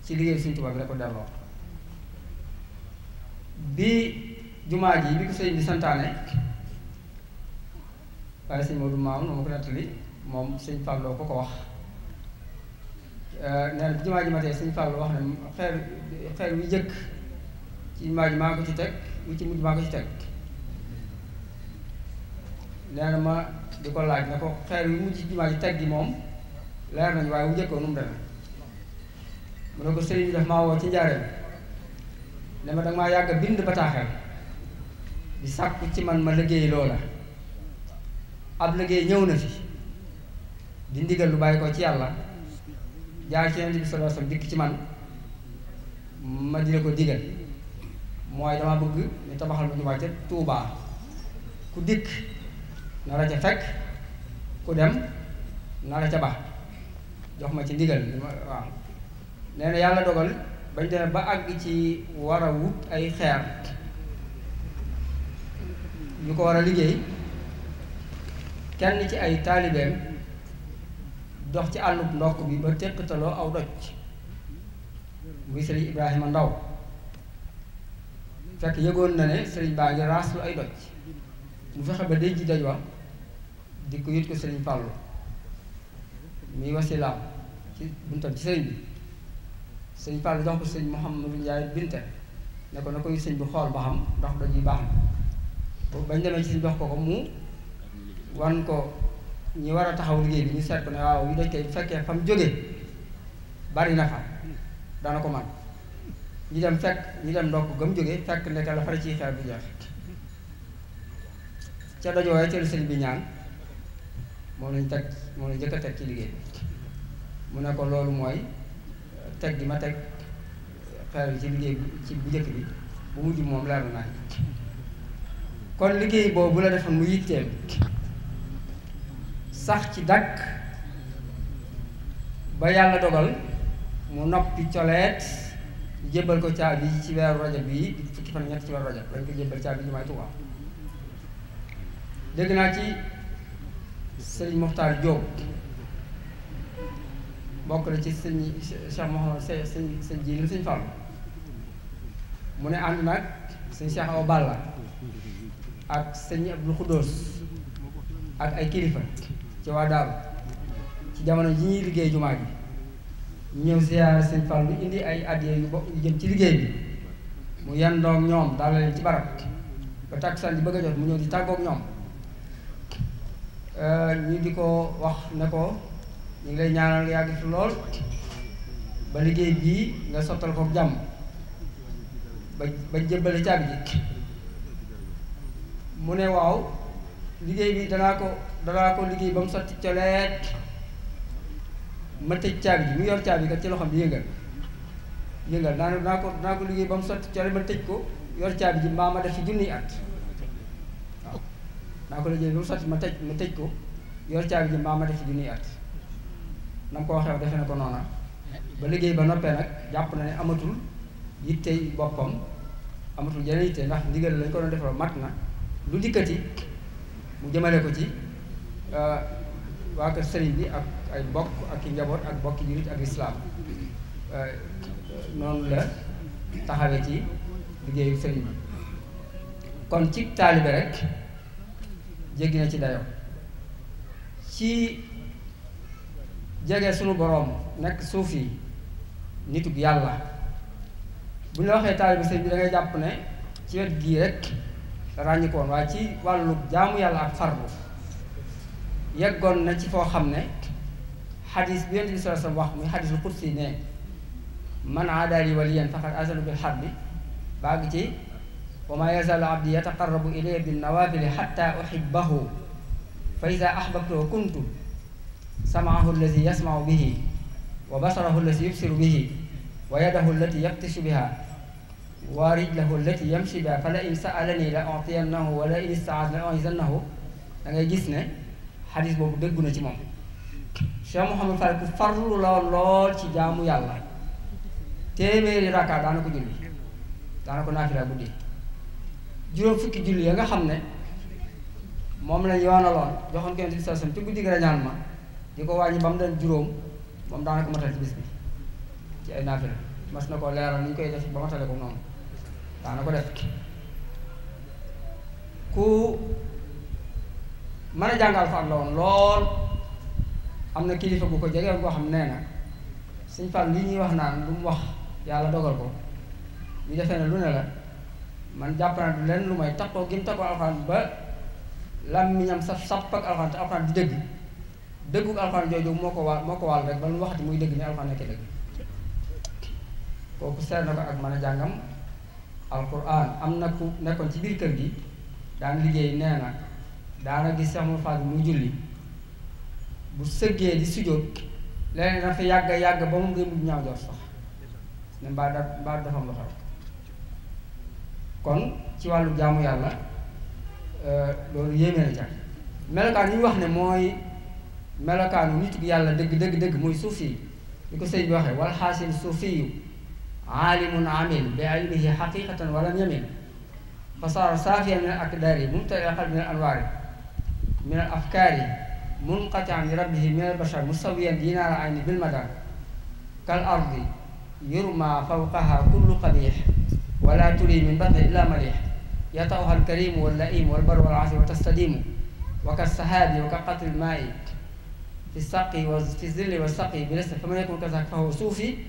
[SPEAKER 1] ci liggéey sëriñ Tuubaa bi la ko delloo bi jumaa ji bi ko sëñ bi santaane waaye sëñ Modou Maam nu ko nettali moom sëñ Fallou ko ko wax euh, nee na jumaa ji ma tey sëñ Fallou wax ne xeer xeer wi jëkk ci jumaa ji maa ci teg wi ci mujj ma di ko laaj ne ko xeer wi mujj jumaa ji teg gi moom leer nañu waaye wu jëkkoo nu mu demee mu ne ko sëriñ bi daf maa woo ci njaareem ne ma danga maa yàgg a bind bataaxel di sàkku ci man ma liggéey loola ab liggéey ñëw na fi di ndigal lu bàyyi ko ci yàlla jaar ci yonent bi sallallahu alayhi dikk ci man ma di la ko digal mooy dama bëgg ñu tabaxal bu ñu wàcce Tuubaa ku dikk na la ca fekk ku dem na la ca ba jox ma ci ndigal waaw nee na yàlla dogal bañ demee ba àgg ci war a ay xeer ñu ko war a liggéey kenn ci ay taalibeem dox ci àllub ndokk bi ba téqtaloo aw doj muy sëriñ Ibrahima Ndaw fekk yëgoon na ne sëriñ baa ngi raaslu ay doj mu fexe ba déj ji doj wa di ko yët ko sëriñ Fàllu muy wasilaam ci buntam ci sëriñ bi sëñ Fall donc sëñ xam Mouhamadou Ndiaye Binta ne ko na koy sëñ bu xool ba xam ndax dañuy baax na bañ demee ci dox ko ko mu wan ko ñi war a taxaw liggéey bi ñu seet ko ne waaw yu dañ bu fekkee fa mu jógee bari na fa dana ko man ñu dem fekk ñu dem ndokk gëm jógee fekk nekk la fara ciy xeer bu jeex ca dajooye celu sëñ bi ñaan moom lañ teg moom lañ jëkk a teg ci liggéey bi mu ne ko loolu mooy teg gi ma teg xel ci liggéey ci bu njëkk bi bu mujj moom leer naa kon liggéey boobu la defoon mu yitteem sax ci dàkk ba yàlla dogal mu noppi coleet jébbal ko caabi ci weeru rajab bi fukki fan ñett ci weeru rajab dañ ko jébbal caabi jumaay Tuubaa dégg naa ci Serigne Mokhtar Diop bokk na ci sëñ Cheikh Mouhamad sëñ sëñ Jiilim mu ne ànd nag sëñ Cheikh Awa Balla ak sëñ Abdou Khoudous ak ay kilifa ci waa Daaru ci jamono ji ñuy liggéey jumaa ji ñëw ziyaare sëñ Fall lu indi ay addiya yu bokk yu jëm ci liggéey bi mu yendoog ñoom daal ci barab ba takkusaan di bëgg a jot mu ñëw di tàggoog ñoom euh, ñu di ko wax ne ko ñu ngi lay ñaanal nga yàgg fi lool ba liggéey bii nga sottal ko jàmm ba ba jébbale caabi ji mu ne waaw liggéey bi danaa ko danaa ko liggéey ba mu sotti coleet ma tëj caabi ji mu yor caabi kat ci loxam di yëngal yëngal naa ne danaa ko danaa ko liggéey ba mu sotti coleet ma tëj ko yor caabi ji mbaam ma def fi junniy at waaw ko liggéey ba mu sotti ma tëj ma tëj ko yor caabi ji mbaa ma def fi at na mu ko waxee defe ne ko noona ba liggéey ba noppee nag jàpp na ne amatul yittey boppam amatul yeneen yitte ndax ndigal lañ ko doon defal mat na lu dikkati mu jëmale ko ci euh, waa sëriñ bi ak ay bokk ak i njaboot ak bokki jurit ak lislaam euh, noonu la taxawee ci liggéeyu sëriñ bi kon ci taalibe rek jéggi na ci dayo ci jege suñu boroom nekk suuf yi nitug yàlla bu ñu waxee taalibu sëñ bi jàpp ne ci wet gii rek ràññikoon waaye ci wàllu jaamu yàlla ak farlu yeggoon na ci foo xam ne xadis bi yonent bi sallallahu alayhi wa sallam wax muy xadisul qudsi ne man aadaali waliyan faqad azanu bil harbi baa ngi ci wa maa yazaalu abdi yataqarrabu ilayya bin nawaafili xatta uhibbahu fa iza ahbabtuhu kuntu samaahu allazi yasmau bihi wa basarahu allazi yubsiru bihi wa yadahu allati yabtishu biha wa rijlahu allati yamshi biha fa la in saalani la utiyannahu wa la in istaaz la uizannahu da ngay gis ne xadis boobu déggu na ci moom Cheikh Mouhamadou Fall ku farlu la lool ci jaamu yàlla téeméeri rakkaa daana ko julli daana ko naafila guddi juróom fukki julli ya nga xam ne moom lañ yoonaloon joxoon ko Yonent bi sallallahu alayhi wasallam ci guddi gi rañaan ma di ko wàññi ba mu doon juróom moom daanaka matal ci bis bi ci ay naafila mas na ko leeral ni ñu koy def ba matale ko noonu daana ko def ku mën a jàngal Faal la woon lool am na kilifa bu ko jegewoon koo xam nee na suñ Faal lii ñuy wax naan lu mu wax yàlla dogal ko ñu defee ne lu ne la man jàpp naa du lenn lu may takkoo gi mu takkoo alxuraan ba làmmiñam saf sàpp ak alxuraan te alxuraan di dëgg dëggu alxuraan jooju moo ko waal moo ko waal rek ba lu waxati muy dëgg ni alxuraan nekk dëgg kooku seet na ko ak mën a jàngam alxuraan am na ku nekkoon ci biir kër gi daan liggéey nee na daana gis Cheikh Mouhamadou Fadil mu julli bu sëggee di sujjóot leneen dafa yàgg yàgg ba mu ngi mujj ñaaw jox sax mbaa da mbaa dafa am xew kon ci wàllu jaamu yàlla euh, loolu yéeme na ca melokaan yi wax ne mooy melokaanu nituk yàlla dëgg dëgg dëgg muy suufi ni ko sëñ bi waxee wal xaasil suufiyu aalimun amil bi ilmihi xaqiqatan walam yamin fasaara saafiyan min al akdaari mumtali qalbi min al anwaari min al afkaari munqatian li rabbihi min al bashar musawiyan dinaara ayni bil madar kal ardi yurma fawqaha kullu qabix wala turi min batni illa malix yatawha al karimu wal laimu wal baru wal asir wa tastadimu wa ka sahaabi wa ka qatri al maai fi saqi wa fi zilli wa saqi bi resti fa ma yakun kazaka fa huwa suufi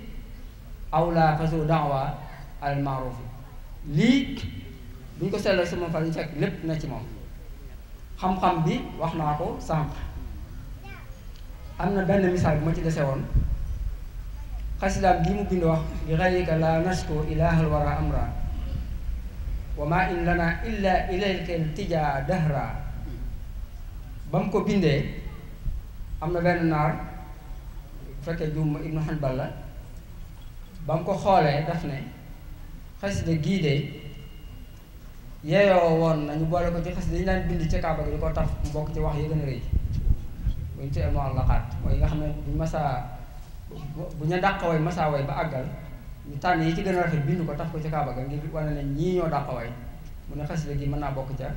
[SPEAKER 1] aw laa fasu da'wa al ma'ruf lii bu ko seetloo sama fa lépp na ci moom xam-xam bi wax naa ko sànq am na benn misaal bu ma ci desee woon xasidaam bi mu bind wax li xayrika la nashku ilahal wara amra wa ma in lana illa ilayka iltijaa dahra ba mu ko bindee am na benn naar fekkee juum ibnu Hanbal la ba mu ko xoolee daf ne xasida gii de yeeyoo woon nañu boole ko ci xasida yi daan bind ci kaaba gi di ko taf bokk ci wax yi gën a rëy bu ñu tuddee muallaqaat mooy yi nga xam ne buñ masaa bu ñu dàqa way masaa way ba àggal ñu tànn yi ci gën a rafet bind ko taf ko ci kaaba ga ngir wane ne ñii ñoo dàqa way mu ne xasida gi mën naa bokk ca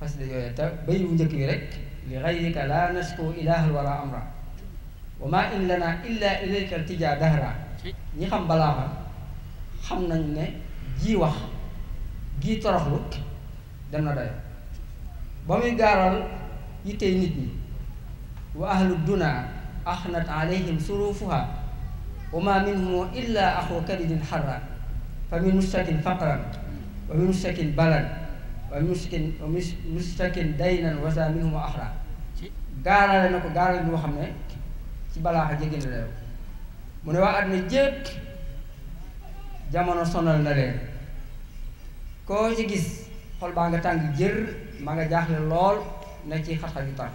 [SPEAKER 1] xasida yooyu te bay wu njëkk yi rek li la nashku ilaahal wara amra wa ma in lana illa ilayka tija dahra ñi xam balaaxa xam nañ ne ji wax gii toroxlu dem na doy ba muy gaaral yittey nit ñi wa ahlu duna axnat alayhim surufuha wa ma minhum illa axu kadidin xarra fa min mustakin faqran wa min mustakin balan day mustakin mustakin daynan mu minhum axra gaaraale na ko gaaraale boo xam ne ci balaaxa jege na leen mu ne waa àdduna jépp jamono sonal na leen koo ci gis xol baa nga tàng jër maa nga jaaxle lool na ci xat-xat yu tar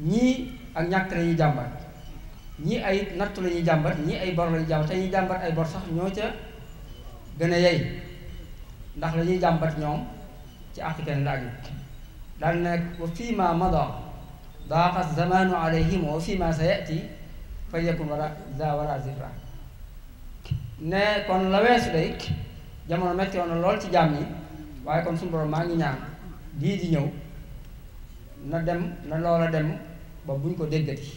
[SPEAKER 1] ñii ak ñàkk la jàmbat ñii ay natt la ñuy jàmbat ñii ay bor la ñuy jàmbat te ñuy jàmbat ay bor sax ñoo ca gën a yey ndax la ñuy jàmbat ñoom ci Afrique la aju daal nag wa fii ma mada daaqa zamaanu alayhim wa fii ma fa yakun wala za wala zifra ne kon la weesu day jamono metti woon lool ci jàmm yi waaye kon suñu borom maa ngi ñaan lii di ñëw na dem na loola dem ba buñ ko déggati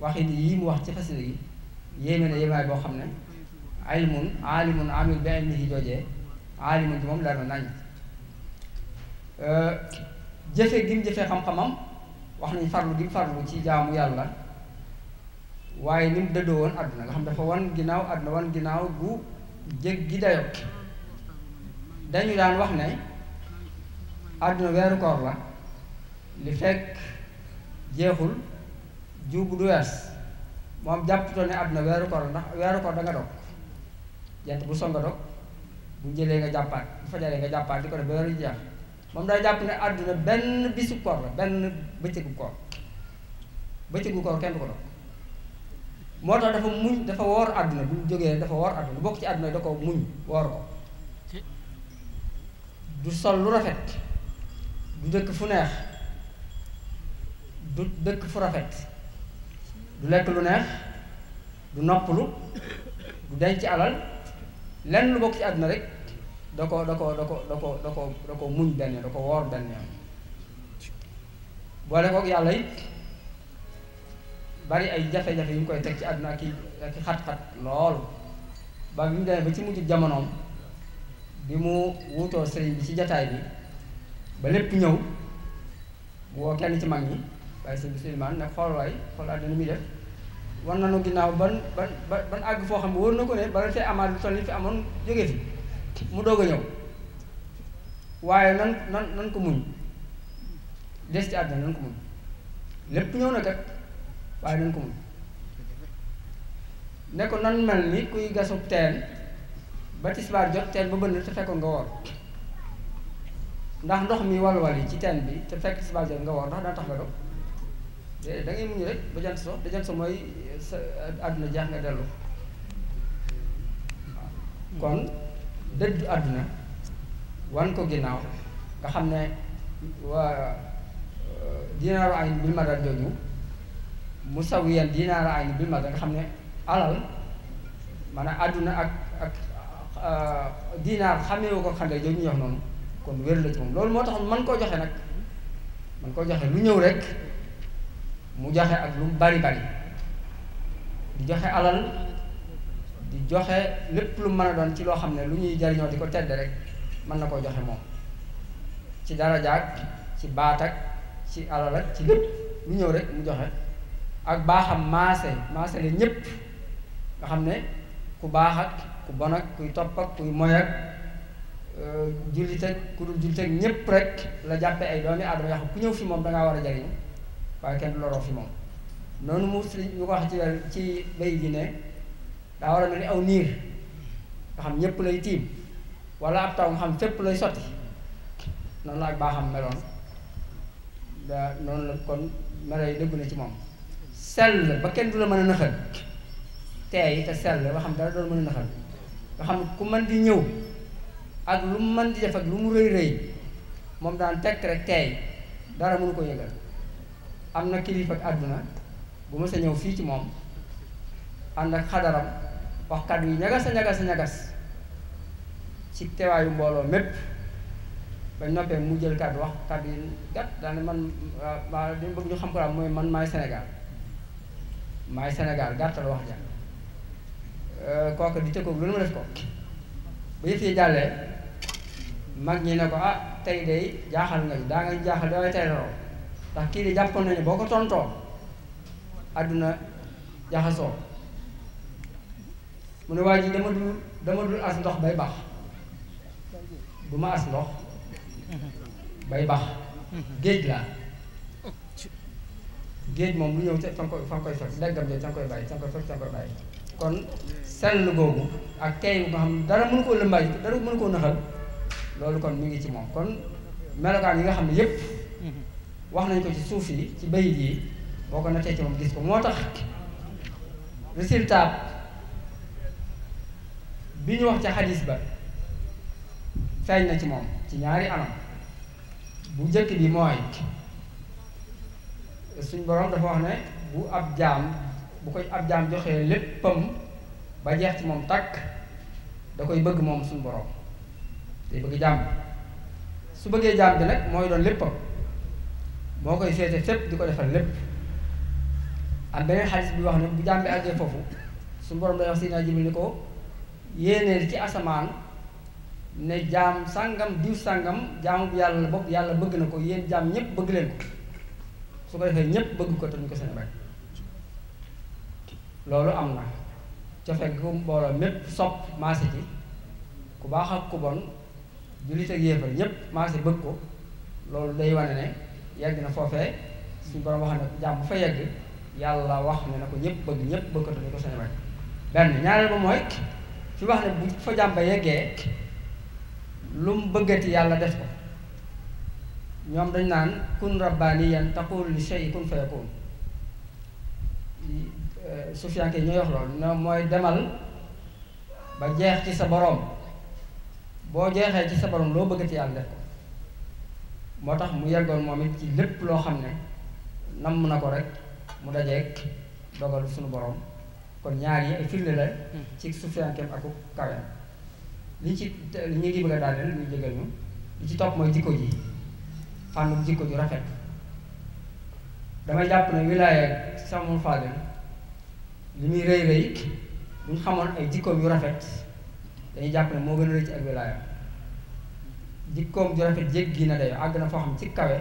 [SPEAKER 1] waxi ni mu wax ci xasida yi yéeme na yéemaay boo xam ne ilmun aalimun amil bi ilmihi joojee aalimun ci moom leer na nañ Euh, jëfe gi mu jëfee xam-xamam wax nañ farlu gi mu farlu ci jaamu yàlla waaye ni mu dëddoo woon àdduna nga xam dafa wan ginnaaw àdduna wan ginnaaw gu jég gi dayoo dañu daan wax ne àdduna weeru koor la li fekk jeexul juubu du wees moom jàpputoo ne àdduna weeru koor ndax weeru koor da nga dog jant bu songa dog bu jëlee nga jàppaat bu fajaree nga jàppaat di ko def weeru jeex moom daay jàpp ne àdduna benn bisu koor la benn bëccëgu koor bëccëgu koor kenn du ko dox moo tax dafa muñ dafa woor àdduna bu jógee dafa woor àdduna bokk ci àdduna da ko muñ woor ko du sol lu rafet du dëkk fu neex du dëkk fu rafet du lekk lu neex du lu du denc alal lenn lu bokk ci àdduna rek da ko da ko da ko da ko da ko da ko muñ benn da ko woor benn yoon boole kook yàlla it bari ay jafe-jafe yu mu koy teg ci àdduna ak i ak i xat-xat lool ba bi mu demee ba ci mujj jamonoom bi mu wutoo sëriñ bi ci jataay bi ba lépp ñëw woo kenn ci mag ñi waaye sëñ bi Suleymaan nag xool waay xool àdduna muy def war nañu ginnaaw ban ban ban àgg foo xam ne wóor na ko ne bala fee amaat lu toll ni fi amoon jóge mu doog a ñëw waaye nan nan nan ko muñ des ci àddina nan ko muñ lépp ñëw na kat waaye nan ko muñ ne ko nan mel ni kuy gasub teen ba tisbaar jot teen ba bënn te fekkoon nga woor ndax ndox mi walwal yi ci teen bi te fekk tisbaar jot nga woor ndax dana tax nga doog de da ngay muñ rek ba jant so da jant so mooy sa àdduna jaax nga dellu kon dëddu àdduna wan ko ginnaaw nga xam ne waa euh, dinaaru ayn bil madal jooju mu sawiyan dinaaru ayn bil madal nga xam ne alal maanaam àdduna ak ak euh, dinaar xameewu ko xale jooju ñu wax noonu kon wér la ci loolu moo tax man koo joxe nag man koo joxe lu ñëw rek mu joxe ak lu bari bari di joxe alal di joxe lépp lu mën a doon ci loo xam ne lu ñuy jariñoo di ko tedd rek mën na koo joxe moom ci darajaak ci baatak ci alal ak ci lépp lu ñëw rek mu joxe ak baaxam maase maase la ñépp nga xam ne ku baax ku bon ak kuy topp ak kuy moy ak euh, jullit ak ku dul jullit ñépp rek la jàppe ay doomi aadama yoo xam ku ñëw fi moom dangaa war a jariñ waaye kenn loroo fi moom noonu mu ñu ko wax ci ci bay gi daa war a mel ni aw niir nga xam ñépp lay tiim wala ab taw nga xam fépp lay sotti noonu la ak baaxam meloon da noonu la kon melo yi dëggu na ci moom sell ba kenn du la mën a nëxal teey te sell ba xam dara doon mën a nëxal nga xam ku mën di ñëw ak lu mu mën di def ak lu mu rëy rëy moom daan tekk rek teey dara mënu ko yëgal am na kilifa ak àdduna bu ma sa ñëw fii ci moom ànd ak xadaram wax kàddu yi ñagas a ñagas a ñagas ci teewaayu mbooloo mépp ba noppee mu jël kàddu wax kàddu yi gàtt daane man ma li bëgg ñu xam ko daal mooy man maay Sénégal maay Sénégal gàttal wax ja euh, kooku di tëkkoog lu mu def ko ba yëf yi jàllee mag ñi ne ko ah tey day jaaxal nga ñu daa nga jaaxal daway tey raw ndax kii di jàppoon nañu boo ko tontoo àdduna jaxasoo mu ne waa ji dama dul dama dul as ndox bay baax bu ma as ndox bay baax géej laa géej moom lu ñëw ca nga koy fa nga koy fekk leggam ja ca nga koy bàyyi ca nga koy fekk ca koy bàyyi kon sell googu ak tey nga xam dara mënu koo lëmbaaj dara mënu koo naxal loolu kon mu ngi ci moom kon melokaan yi nga xam ne yépp wax nañ ko ci suuf yi ci bayit yi boo ko nattee ci moom gis ko moo tax résultat bi ñu wax ca xadis ba feeñ na ci moom ci ñaari anam bu njëkk bi mooy suñ borom dafa wax ne bu ab jaam bu koy ab jaam joxee léppam ba jeex ci moom takk da koy bëgg moom suñ borom day bëgg jaam su bëggee jaam bi nag mooy doon léppam moo koy féete fépp di ko defal lépp am beneen xadis bi wax ne bu jaam bi àggee foofu suñ borom day wax si naa Jibril ni ko yéeneel ci asamaan ne jaam sàngam diw sàngam jaamu bu yàlla bopp yàlla bëgg na ko yéen jaam ñépp bëgg leen ko su ko defee ñépp bëgg ko te ñu ko seen bañ loolu am na cofe gu mbooloo mépp sopp maase ci ku baax ak ku bon jullit ak yéefar ñépp maase bëgg ko loolu day wane ne yegg na foofee suñu borom wax ne jaam bu fa yegg yàlla wax ne na ko ñépp bëgg ñépp bëgg ko te ko seen bañ benn ñaareel ba mooy ci wax ne bu fa jàmba yeggee lu mu bëggati yàlla def ko ñoom dañ naan kun rabbaniyan taqul li shay kun fayakun euh, sufiyanke yi ñooy wax loolu ñoom mooy demal ba jeex ci sa boroom boo jeexee ci sa boroom loo bëggati yàlla def ko moo tax mu yeggoon moom it ci lépp loo xam ne namm na ko rek mu dajeeg dogal suñu boroom kon ñaar yi ay firnde la hmm. ci suufiyankeem ak kaweem li ci li ñu ngi bëgg a daaneel ñu jégal ñu li ci topp mooy jikko ji fànn jikko ju rafet damay jàpp ne wilaaya Sëriñ Faadil li xamoon ay jikkoom yu rafet dañuy jàpp ne moo gën a rëy ci ak wilaaya jikkoom ju rafet jéggi na day àgg na foo xam ci kawe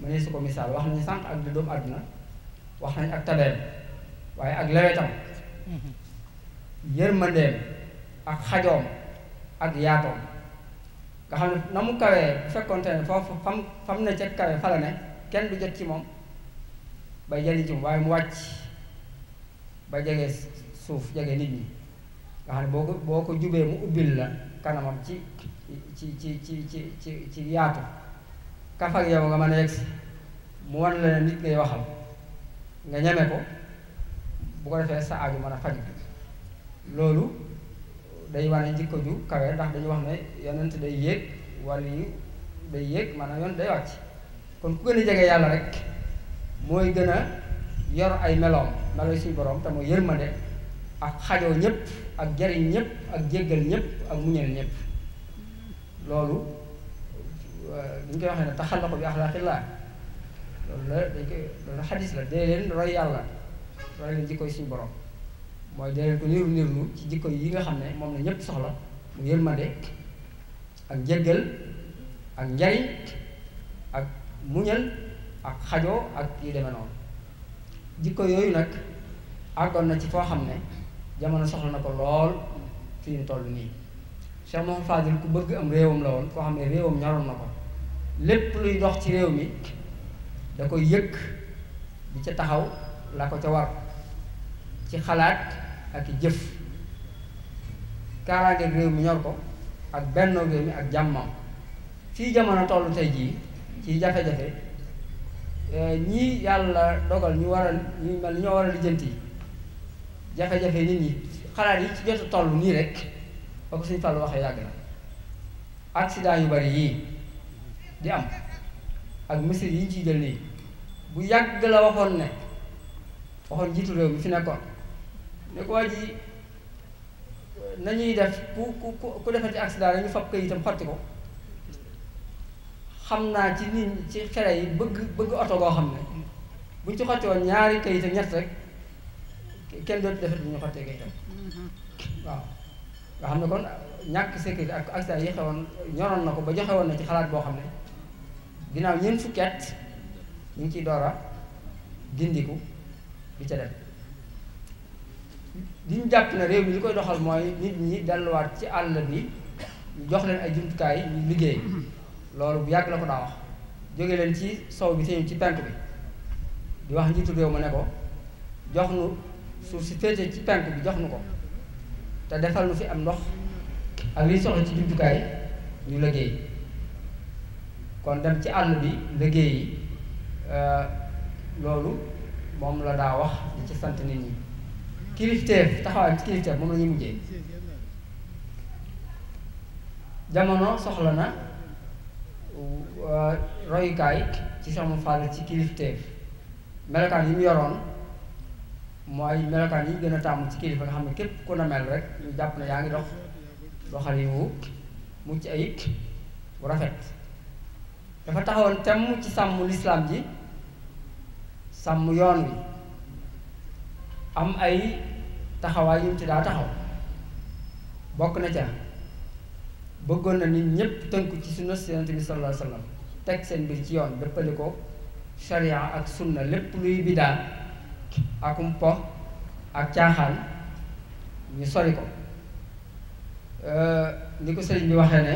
[SPEAKER 1] mu ne su ko misaal wax nañu sànq ak di doomu àdduna wax nañ ak tabeem waaye ak lewetam yërmandeem ak xajoom ak yaatoom nga xam ne na mu kawee bu foofu fam fam ne ca kawe fala ne kenn du jot ci moom bay jariñ ci moom waaye mu wàcc ba jege suuf jege nit ñi nga xam ne boo ko boo ko jubee mu ubbil la kanamam ci ci ci ci ci ci ci yaatu kafak yow nga mën a yegg mu wan la ne nit ngay waxal nga ñeme ko bu ko defee sa aaju man a faju loolu day wane jikko ju kawe ndax dañu wax ne yonent day yéeg walla yu day yéeg maanaam yoon day wàcc kon ku gën a jege yàlla rek mooy gën a yor ay meloom melo yu suñu borom te mooy yërmande ak xajoo ñëpp ak jariñ ñëpp ak jéggal ñépp ak muñal ñëpp loolu dañ euh, koy waxee ne te taxallaqu bi axlaaqillah loolu la dañ koy loolu xadis la dee leen roy yàlla loolu la jikkoy suñu borom mooy danañ ko niru nirlu ci jikko yi nga xam ne moom la ñëpp soxla mu yërmande ak jéggal ak njariñ ak muñal ak xajoo ak yu demee noonu jikko yooyu nag àggoon na ci foo xam ne jamono soxla na ko lool fii ñu toll nii Cheikh Mouhamed Fadil ku bëgg am réewam la woon koo xam ne réewam ñoroon na ko lépp luy dox ci réew mi da koy yëkk di ca taxaw laa ko ca war ci xalaat ak jëf kaaraange réew mi ñor ko ak bennoo réew mi ak jàmmam fii jamono tollu tey jii ci jafe-jafe eh, ñii yàlla dogal ñu war a ñu mel ñoo war a lijjanti jafe-jafe nit ñi xalaat yi ci jot toll nii rek ba ko suñu waxee yàgg na accident yu bari yii di am ak mesures yi ci ciy jël nii bu yàgg la waxoon ne waxoon jiitu réew mi fi nekkoon ne ko waa nañuy def ku ku ku defati accident rek ñu fab këyitam xotti ko xam naa ci nit ci xere yi bëgg bëgg oto goo xam ne buñ ci xotti woon ñaari këyit ak ñett rek kenn dootu defati bu ñu xottee këyitam mm-hmm. waaw nga xam ne kon ñàkk sécurité ak accident yi xewoon ñoroon na ko ba joxewoon na ci xalaat boo xam ne ginnaaw ñeent fukki ñu ngi ciy doora gindiku di ca dem di ñu jàpp ne réew mi li koy doxal mooy nit ñi delluwaat ci àll bi ñu jox leen ay jumtukaay ñu liggéey loolu bu yàgg la ko daa wax jóge leen ci soow bi te ci penk bi di wax njiitu réew ma ne ko jox nu suuf si féete ci penk bi jox nu ko te defal nu fi am ndox ak liy soxla ci jumtukaay ñu liggéey kon dem ci àll bi liggéey euh, loolu moom la daa wax di ci sant nit ñi kilifteef taxawaay ci kilifteef moom la mujjee jamono soxla na eh, royukaay ci sama fàll ci kilifteef melokaan yi mu yoroon mooy melokaan yi gën a tàmm ci kilifa nga xam ne képp ku na mel rek ñu jàpp ne yaa ngi dox doxalin wu mucc ayib bu rafet dafa taxawoon temm ci sàmm lislaam ji sàmm yoon wi am ay taxawaay yu ci daa taxaw bokk na ca bëggoon na nit ñépp tënk ci sunna yonent bi sallallahu alayhi wa sallam teg seen mbir ci yoon dëppale ko sharia ak sunna lépp luy bidaa akum po ak caaxaan ñu soli ko euh, ni ko sëriñ bi waxee ne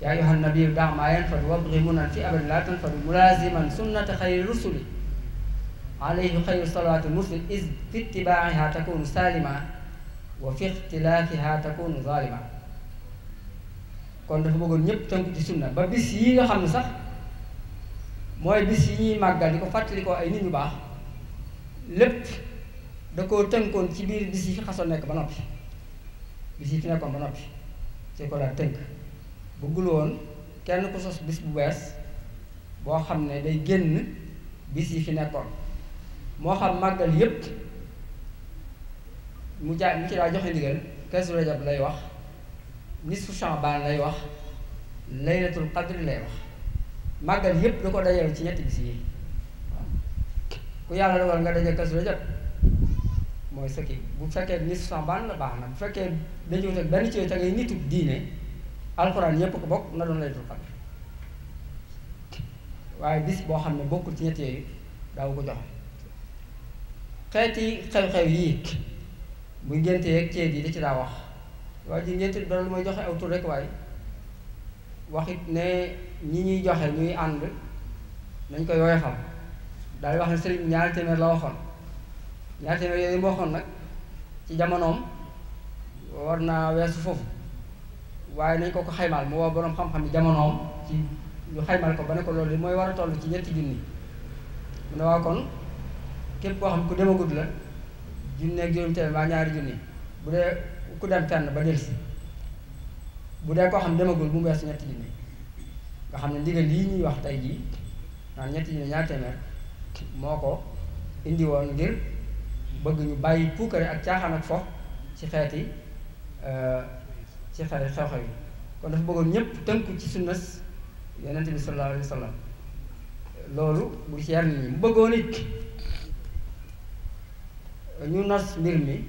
[SPEAKER 1] yaa ayyuhan nabiyyu da' maa yanfad wabghi munan fi abadan laa tanfadu mulaaziman sunnata xayri rusuli alayhi xayru salawaatil mursil is fi itibaaxiha takunu salima wa fi ixtilaafiha takunu zalima kon dafa bëggoon ñépp tënk ci sunna ba bis yi nga xam ne sax mooy bis yi ñuy màggal di ko fàttali ko ay nit ñu baax lépp da koo tënkoon ci biir bis yi fi xasoon nekk ba noppi bis yi fi nekkoon ba noppi ci ko daal tënk bëggul woon kenn ku sos bis bu bees boo xam ne day génn bis yi fi nekkoon moo xam màggal yépp mu jaar mu ci daa joxe ndigal kazu rajab lay wax nisfu sha'ban lay wax laylatul qadri lay wax màggal yépp da ko dajal ci ñetti bis yi waaw ku yàlla dogal nga dajal kazu rajab mooy sëkki bu fekkee nisfu sha'ban la baax na bu fekkee dajewut ak benn ci te ngay nitu diine alxuraan yépp ko bokk na doon laylatul qadri waaye bis boo xam ne bokkul ci ñett yooyu daaw ko joxe xeeti xew-xew yii bu ngénte yeeg ceet yi da ci daa wax waaye ji ngénte dara lu may joxe aw tur rek waaye waxit ne ñi ñuy joxe ñuy ànd nañ koy xam daal wax ne sëriñ bi ñaari la waxoon ñaari téeméer yooyu mu waxoon nag ci jamonoom war naa weesu foofu waaye nañ ko ko xaymaal mu woo boroom xam-xam yi jamonoom ci ñu xaymaal ko ba ne ko loolu mooy war a toll ci ñetti junni mu ne waaw kon képp koo xam ku demagut la junne ak juróom téeméer mbaa ñaari junne bu dee ku dem fenn ba delsi bu dee koo xam demagul bu mu weesu ñetti junne nga xam ne ndigal lii ñuy wax tey jii naan ñetti junne ñaar téeméer moo ko indi woon ngir bëgg ñu bàyyi puukare ak caaxaan ak fo ci xeeti euh, ci xeeti xew-xew yi kon dafa bëggoon ñëpp tënku ci sunnas yonente bi sallallahu alayhi loolu bu ci yar nit mu bëggoon it ñu nas mbir mi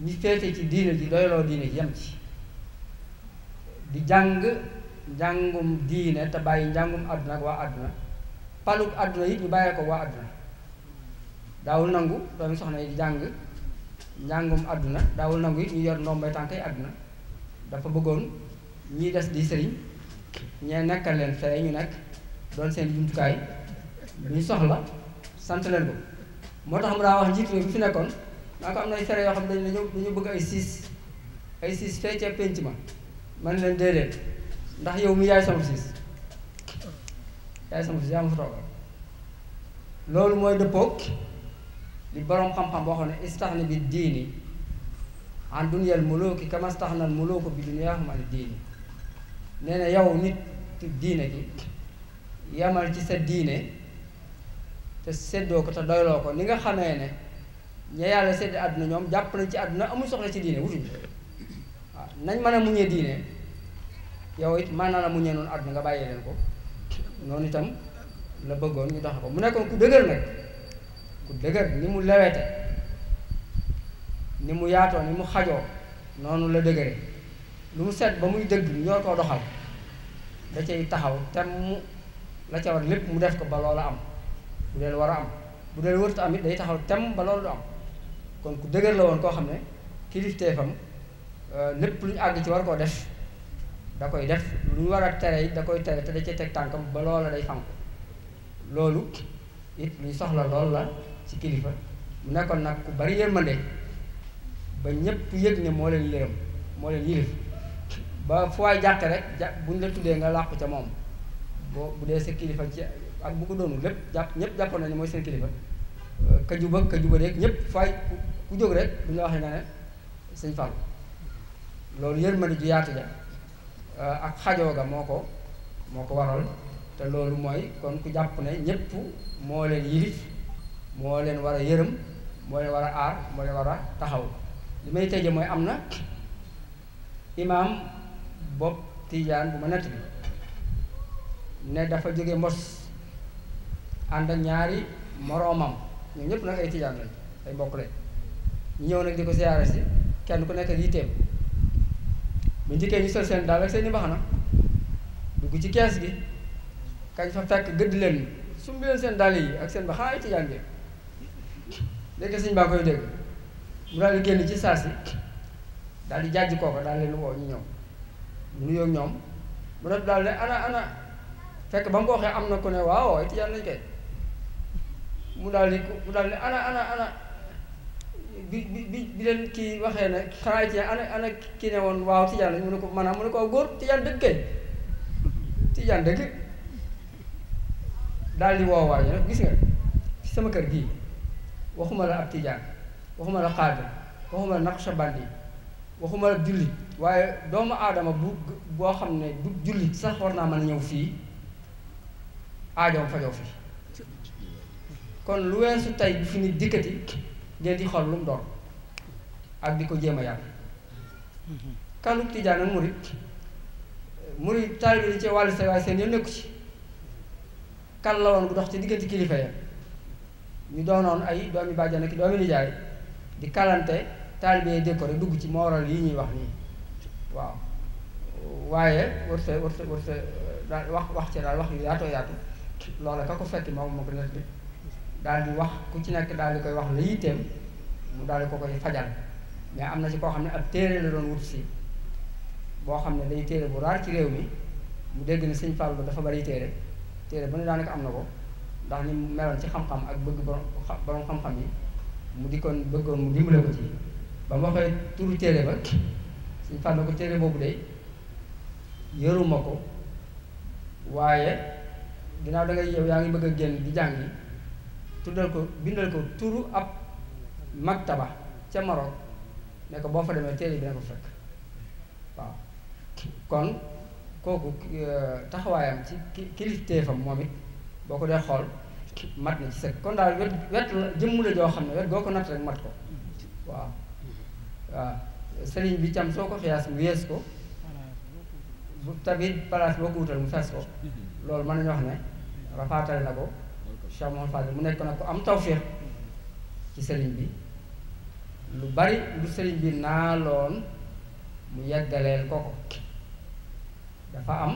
[SPEAKER 1] ñu féete ci diine ji doyloo diine ji yem ci di jàng njàngum diine te bàyyi njàngum àdduna waa àdduna paluk àdduna yi ñu bàyyee ko waa àdduna daawul nangu doomi soxna yi di jàng njàngum àdduna daawul nangu it ñu yor ndombay tànkay àdduna dafa bëggoon ñiy des di sëriñ ñee nekkal leen fee ñu nekk doon seen jumtukaay bu ñu soxla sant leen ko moo tax mu daa wax njiit mi fi nekkoon daa ko am nay fere yoo xam dañ dañu dañu bëgg ay siis ay siis feccee penc ma man leen déedéet ndax yow mi yaay sama siis yaay sama siis yaa ma fa toogal loolu mooy dëppoog li borom xam-xam waxoon ne istaxna bi diini an duniyal muluuki kama staxna al ko bi duniyaahum an diini nee yow nit diine gi yamal ci sa diine te séddoo ko te doyloo ko ni nga xamee ne ña yàlla sédd àdduna ñoom jàpp nañ ci àdduna amul soxla ci diine wutuñu waaw nañ mën a muñee diine yow it man naa la muñee noonu àdduna nga bàyyi leen ko noonu itam la bëggoon ñu dox ko mu nekkoon ku dëgër nag ku dëgër ni mu lewete ni mu yaatoo ni mu xajoo noonu la dëgëre lu mu set ba muy dëgg ñoo koo doxal da cay taxaw te mu la ca war lépp mu def ko ba loolu am bu dee war a am bu dee wërta am it day taxaw tem ba loolu du am kon ku dëgër la woon koo xam ne kilifteefam euh, lépp lu àgg ci war koo def da koy def lu ñu war a tere it da koy tere te da cee teg tànkam ba loola day fànk loolu it luy soxla lool la ci kilifa mu nekkoon nag ku bari yërmande ba ñépp yëg ne moo leen yërëm moo leen yilif ba foo jàq rek ja buñ la tuddee nga làqu ca moom boo bu dee sa kilifa ci ak bu ko doonul lépp jàpp ñëpp jàppoon nañu mooy seen kilifa euh, ka juba ka juba rek ñëpp faay ku jóg rek bu ñu la waxee nga ne sëñ fal loolu yërmande ju yaatu ja euh, ak xajoo ga moo ko moo ko waral te loolu mooy kon ku jàpp ne ñëpp moo leen yilif moo leen war a yërëm moo leen war a aar moo leen war a taxaw li may tëje mooy am na imaam bopp tiijaan bu ma nett bi ne dafa jóge mbos ànd ak ñaari moroomam ñoom ñëpp nag ay tijaan lañ ay mbokk lañ ñu ñëw nag di ko siyaare si kenn ku nekk ak yitteem bu njëkkee ñu sol seen daal ak seen i mbaxana dugg ci kees gi kañ fa fekk gëdd leen sumb leen seen dàll yi ak seen mbaxana ay tijaan bi léegi dal baa di génn ci saa si daal di jàjj kooka daal leen woo ñu ñëw mu nuyoo ñoom mu def daal ne ana ana fekk ba mu ko waxee am na ku ne waaw ay tijaan lañ kay mu daal di mu dal di ana ana ana bi bi bi leen kii waxee ne xanaa ci ana ana kii ne woon waaw tijaan lañ mu ne ko maanaam mu ne ko góor tijaan dëgg kay tijaan dëgg daal di woo waajo gis nga ci sama kër gi waxuma la ab tijaan waxuma la xaadir waxuma la naqshabandi waxuma la jullit waaye doomu aadama bu boo xam ne du jullit sax war naa mën ñëw fii aajoom fajoo kon lu weesu tey bi fi nit dikkati ngeen di xool lu doon ak di ko jéem a yàq tiijaan tijaan ak murit murit taalibe dañ cee wàllu waaye seen yoon nekku ci kan la woon bu dox ci diggante kilifa ya ñu doonoon ay doomi bàjjan ak doomi nijaay di kalante taalibe dégg ko rek dugg ci moo waral yi ñuy wax nii waaw waaye war sa war sa war sa daal wax wax ci daal wax yu yaatoo yaatu loola ka ko fekk moom moo ko nekk daal di wax ku ci nekk daal di koy wax la yitteem mu daal di ko koy fajal mais am na si koo xam ne ab téere la doon wutu si boo xam ne day téere bu raar ci réew mi mu dégg suñ sëñ Fallou dafa bari téere téere bu ne daanaka am na ko ndax ni mu meloon ci xam-xam ak bëgg borom xam-xam yi mu dikkoon bëggoon mu dimbale ko ci ba mu waxee turu téere ba sëñ Fallou ko téere boobu de yëruma ko waaye ginnaaw da ngay yaa ngi bëgg a génn di jàng jàngi tuddal ko bindal ko turu ab maktaba ca Maroc ne ko boo fa demee téere bi ne ko fekk waaw kon kooku euh, taxawaayam ci ki kilifteefam moom it boo ko dee xool mat na ci sëkk kon daal wet wet jëmm la joo xam ne wet goo ko natt rek mat ko waaw waaw sëriñ bi tam soo ko xiyaas mu yees ko bu tamit palaas boo ko wutal mu fees ko mhm. loolu mën nañu wax ne rafaatal na ko Cheikh Mouhamed mu nekk nag ku am tawféex ci sëriñ bi lu bari lu sëriñ bi naaloon mu yeggaleel ko ko dafa am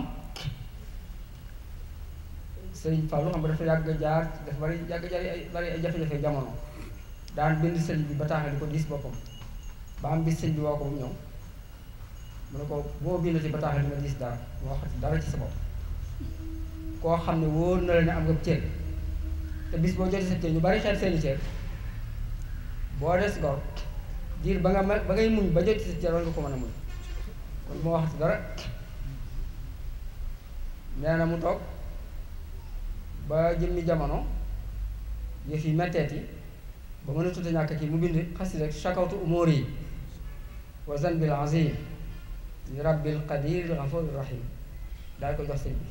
[SPEAKER 1] sëriñ Fallou xam nga dafa yàgg jaar dafa bari yàgg jaar ay bari ay jafe-jafe jamono daan bind sëriñ bi ba di ko diis boppam ba am bis sëriñ bi woo ko bu ñëw mu ne ko boo bind ci ba tax di nga diis dara moo xam dara ci sa koo xam ne wóor na la am nga cër te bis boo jotee sa cër ñu bari xel seeni cër boo des gor diir ba nga ba ngay muñ ba jotee sa cër war nga ko mën a muñ kon moo wax si dara nee na mu toog ba jëmmi jamono yëf yi metteet yi ba mën a tuta ñàkk kii mu bind xasi rek shakawtu umóor yi wa zanbil azim li rabbil qadir ghafuur rahim daal ko jox sëñ bi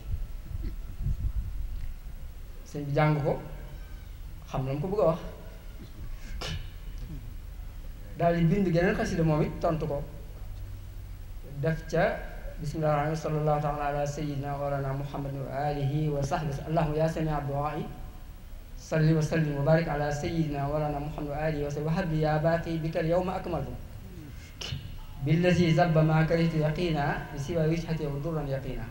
[SPEAKER 1] sëñ bi jàng ko xam na mu ko bëgg a wax daal di bind geneen xasida moom it tontu ko def ca bismillahi rahmani sallallahu taala ala sayyidina walana muhammadin wa alihi wa sahbihi allahuma ya sami abdoai salli wa sallim wa barik ala sayyidina walana muhammadin wa alihi wa sahbihi wa habbi ya baaqi bika al yawma akmaltu billazi zabba ma karihtu yaqina bi siwa wijhati wa durran yaqina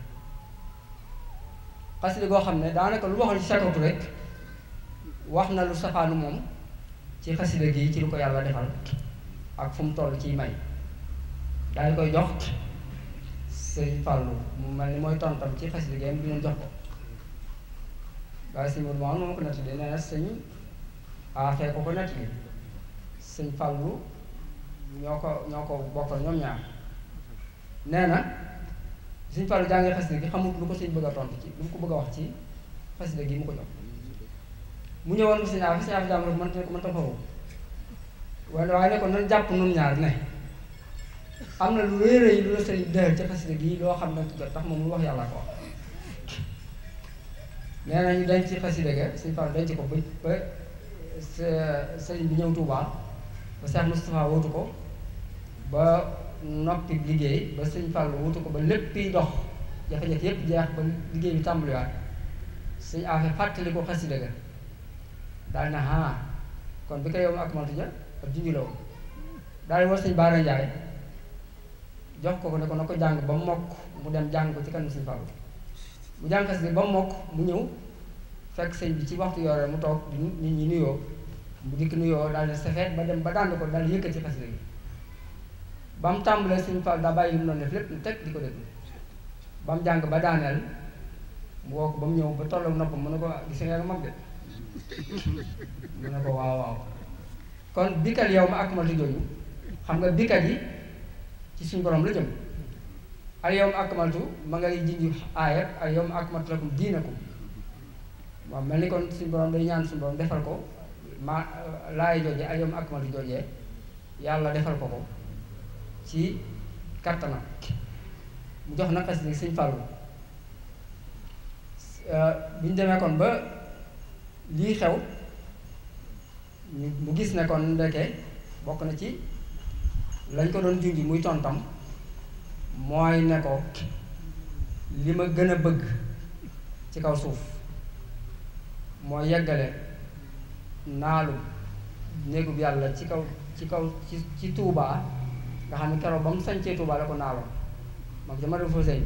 [SPEAKER 1] xasida goo xam ne daanaka lu waxoon ci sakatu rek wax na lu safaanu moom ci xasida gi ci lu ko yàlla defal ak fu mu toll ciy may daal koy jox sëñ Fallou mu mel ni mooy tontam ci xasida gi bi ñu jox ko waaye sëñ Modou Mamoune moo ñoo ko ñoo ko bokkal ñoom ñaar nee na sëñ Fallou jàngee xasida gi xamul lu ko sëñ bëgg a tontu ci lu mu ko bëgg a wax ci xasida gi mu ko jox mu ñëwoon ko sëñ Afia si Afia jàmm man ko man ta wala waaye ne ko nan jàpp nun ñaar ne am na lu rëy rëy lu la sëriñ dëhër ca xasida gi loo xam ne tax moom mu wax yàlla ko wax nee nañu dañ ci xasida ga sëñ Fall dañ ci ko ba ba sëriñ bi ñëw Tuubaa ba Cheikh Moustapha wutu ko ba noppi liggéey ba sëñ Fall wutu ko ba léppi dox jafe-jafe yépp jeex ba liggéey bi tàmbaliwaat sëñ Afia fàttali ko xasida ga dal na haa kon bi ko yow ma ak maltu ja ab junj la woon daal war sëñ Baara jox ko ko ne ko na ko jàng ba mokk mu dem jàng ko ci kanam sëñ mu jàng xas bi ba mokk mu ñëw fekk sëñ bi ci waxtu yore mu toog di nit ñi nuyoo mu dikk nuyoo daal ne safeet ba dem ba dànd ko daal ci xas bi ba mu tàmbalee sëñ Faalu daa bàyyi mu noonu def lépp lu teg di ko déglu ba mu jàng ba daaneel mu woo ko ba mu ñëw ba tolloog noppam mu ne ko gis nga mag de mu ne ko waaw waaw kon dikkal yow ma ak jooju xam nga dikkal yi ci suñ borom la jëm al yawma akmaltu ma ngay jinju aaya al yawma akmaltu lakum diinakum waaw mel ni kon suñ borom day ñaan suñu borom defal ko ma laay joojee al yawma akmaltu joojee yàlla defal ko ko ci kattanam mu jox na xas ni sëñ Fallou euh, bi ñu demee kon ba lii xew mu gis nekkoon ndeke bokk na ci lañ ko doon junj muy tontam mooy ne ko li ma gën a bëgg ci kaw suuf mooy yeggale naalu néegub yàlla ci kaw ci kaw ci ci Touba nga xam ne keroog ba mu sañcee Touba la ko naaloon moom jamono foofu sëñ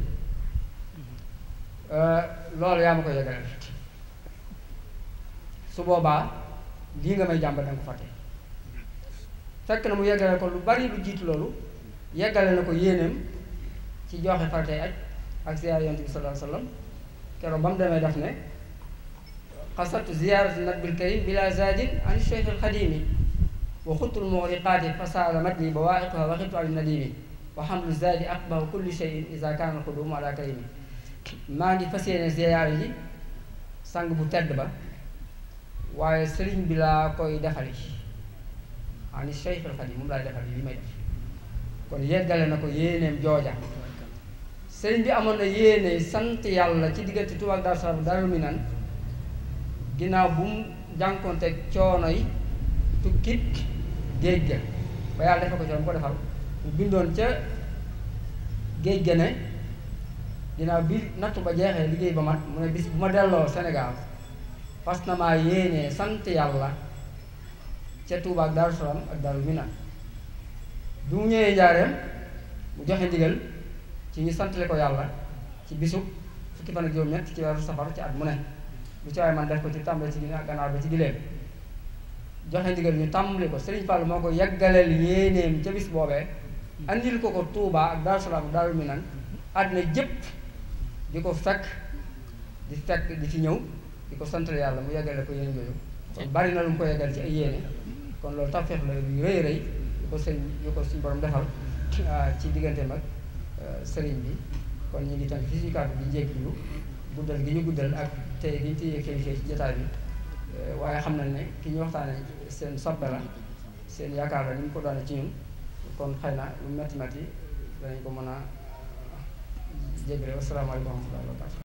[SPEAKER 1] loolu yaa ma ko yeggale. su boobaa lii nga may jàmbat danga ko fàtte fekk na mu yeggale ko lu bari lu jiit loolu yeggale na ko yéeneem ci joxe faratay aj ak ziyaar yonent bi sallallahu alayhi wa sallam keroog ba mu demee daf ne xasatu ziyaarati nabil karim bila zadin an cheikh al xadimi wa xutul muxriqaati fasaalamat ni ba waaxiquha wa xibtu an nadimi wa xamlu zaadi aqbahu kulli cheyin isa kaana alxudumu maa ngi fas yéene ziyaar yi sang bu tedd ba waaye sëriñ bi laa koy defali ani Cheikhul yi moom laay defali li may def kon yeggale na ko yéeneem jooja sëriñ bi amoon na yéene sant yàlla ci diggante Tuubaa ak Daaru Salaam Daaru Minaan ginnaaw bu mu jànkoonteeg coono yi tukkit géej ga ba yàlla defal ko coono mu ko defal mu bindoon ca géej ga ne ginnaaw bi nattu ba jeexee liggéey ba ma mu ne bu ma delloo Sénégal fas na maa yéenee sant yàlla ca Touba ak Daaru Salaam ak Daaru Mina bi mu ñëwee njaareem mu joxe ndigal ci ñu santale ko yàlla ci bisu fukki fan ak juróom-ñett ci weeru safar ci at mu ne lu ci waaye man def ko ci tàmbale ci ganaar ba ci gileem joxe ndigal ñu tàmbali ko Serigne Fall moo ko yàggaleel yéeneem ca bis boobee andil ko ko Touba ak Daaru Salaam ak Daaru Mina àddina jëpp di ko fekk di fekk di ci ñëw di ko santal yàlla mu yeggale ko yéen yooyu kon bari na lu mu ko yeggal ci ay yéene kon loolu tawfeex la yu rëy rëy yu ko sëñ yu ko suñu defal ah, ci diggante mag ah, sëriñ bi kon ñu ngi tànk fii suñu kàddu di jégglu guddal gi ñu guddal ak tey gi ñu téye kilifa ci jotaay bi eh, waaye xam nañ ne ki ñu waxtaane seen soppe la seen yaakaar la ni mu ko doone ci ñun kon xay na lu metti metti danañ ko mën a ah, jéggale wasalaamaaleykum wa rahmatullahi wa barakatu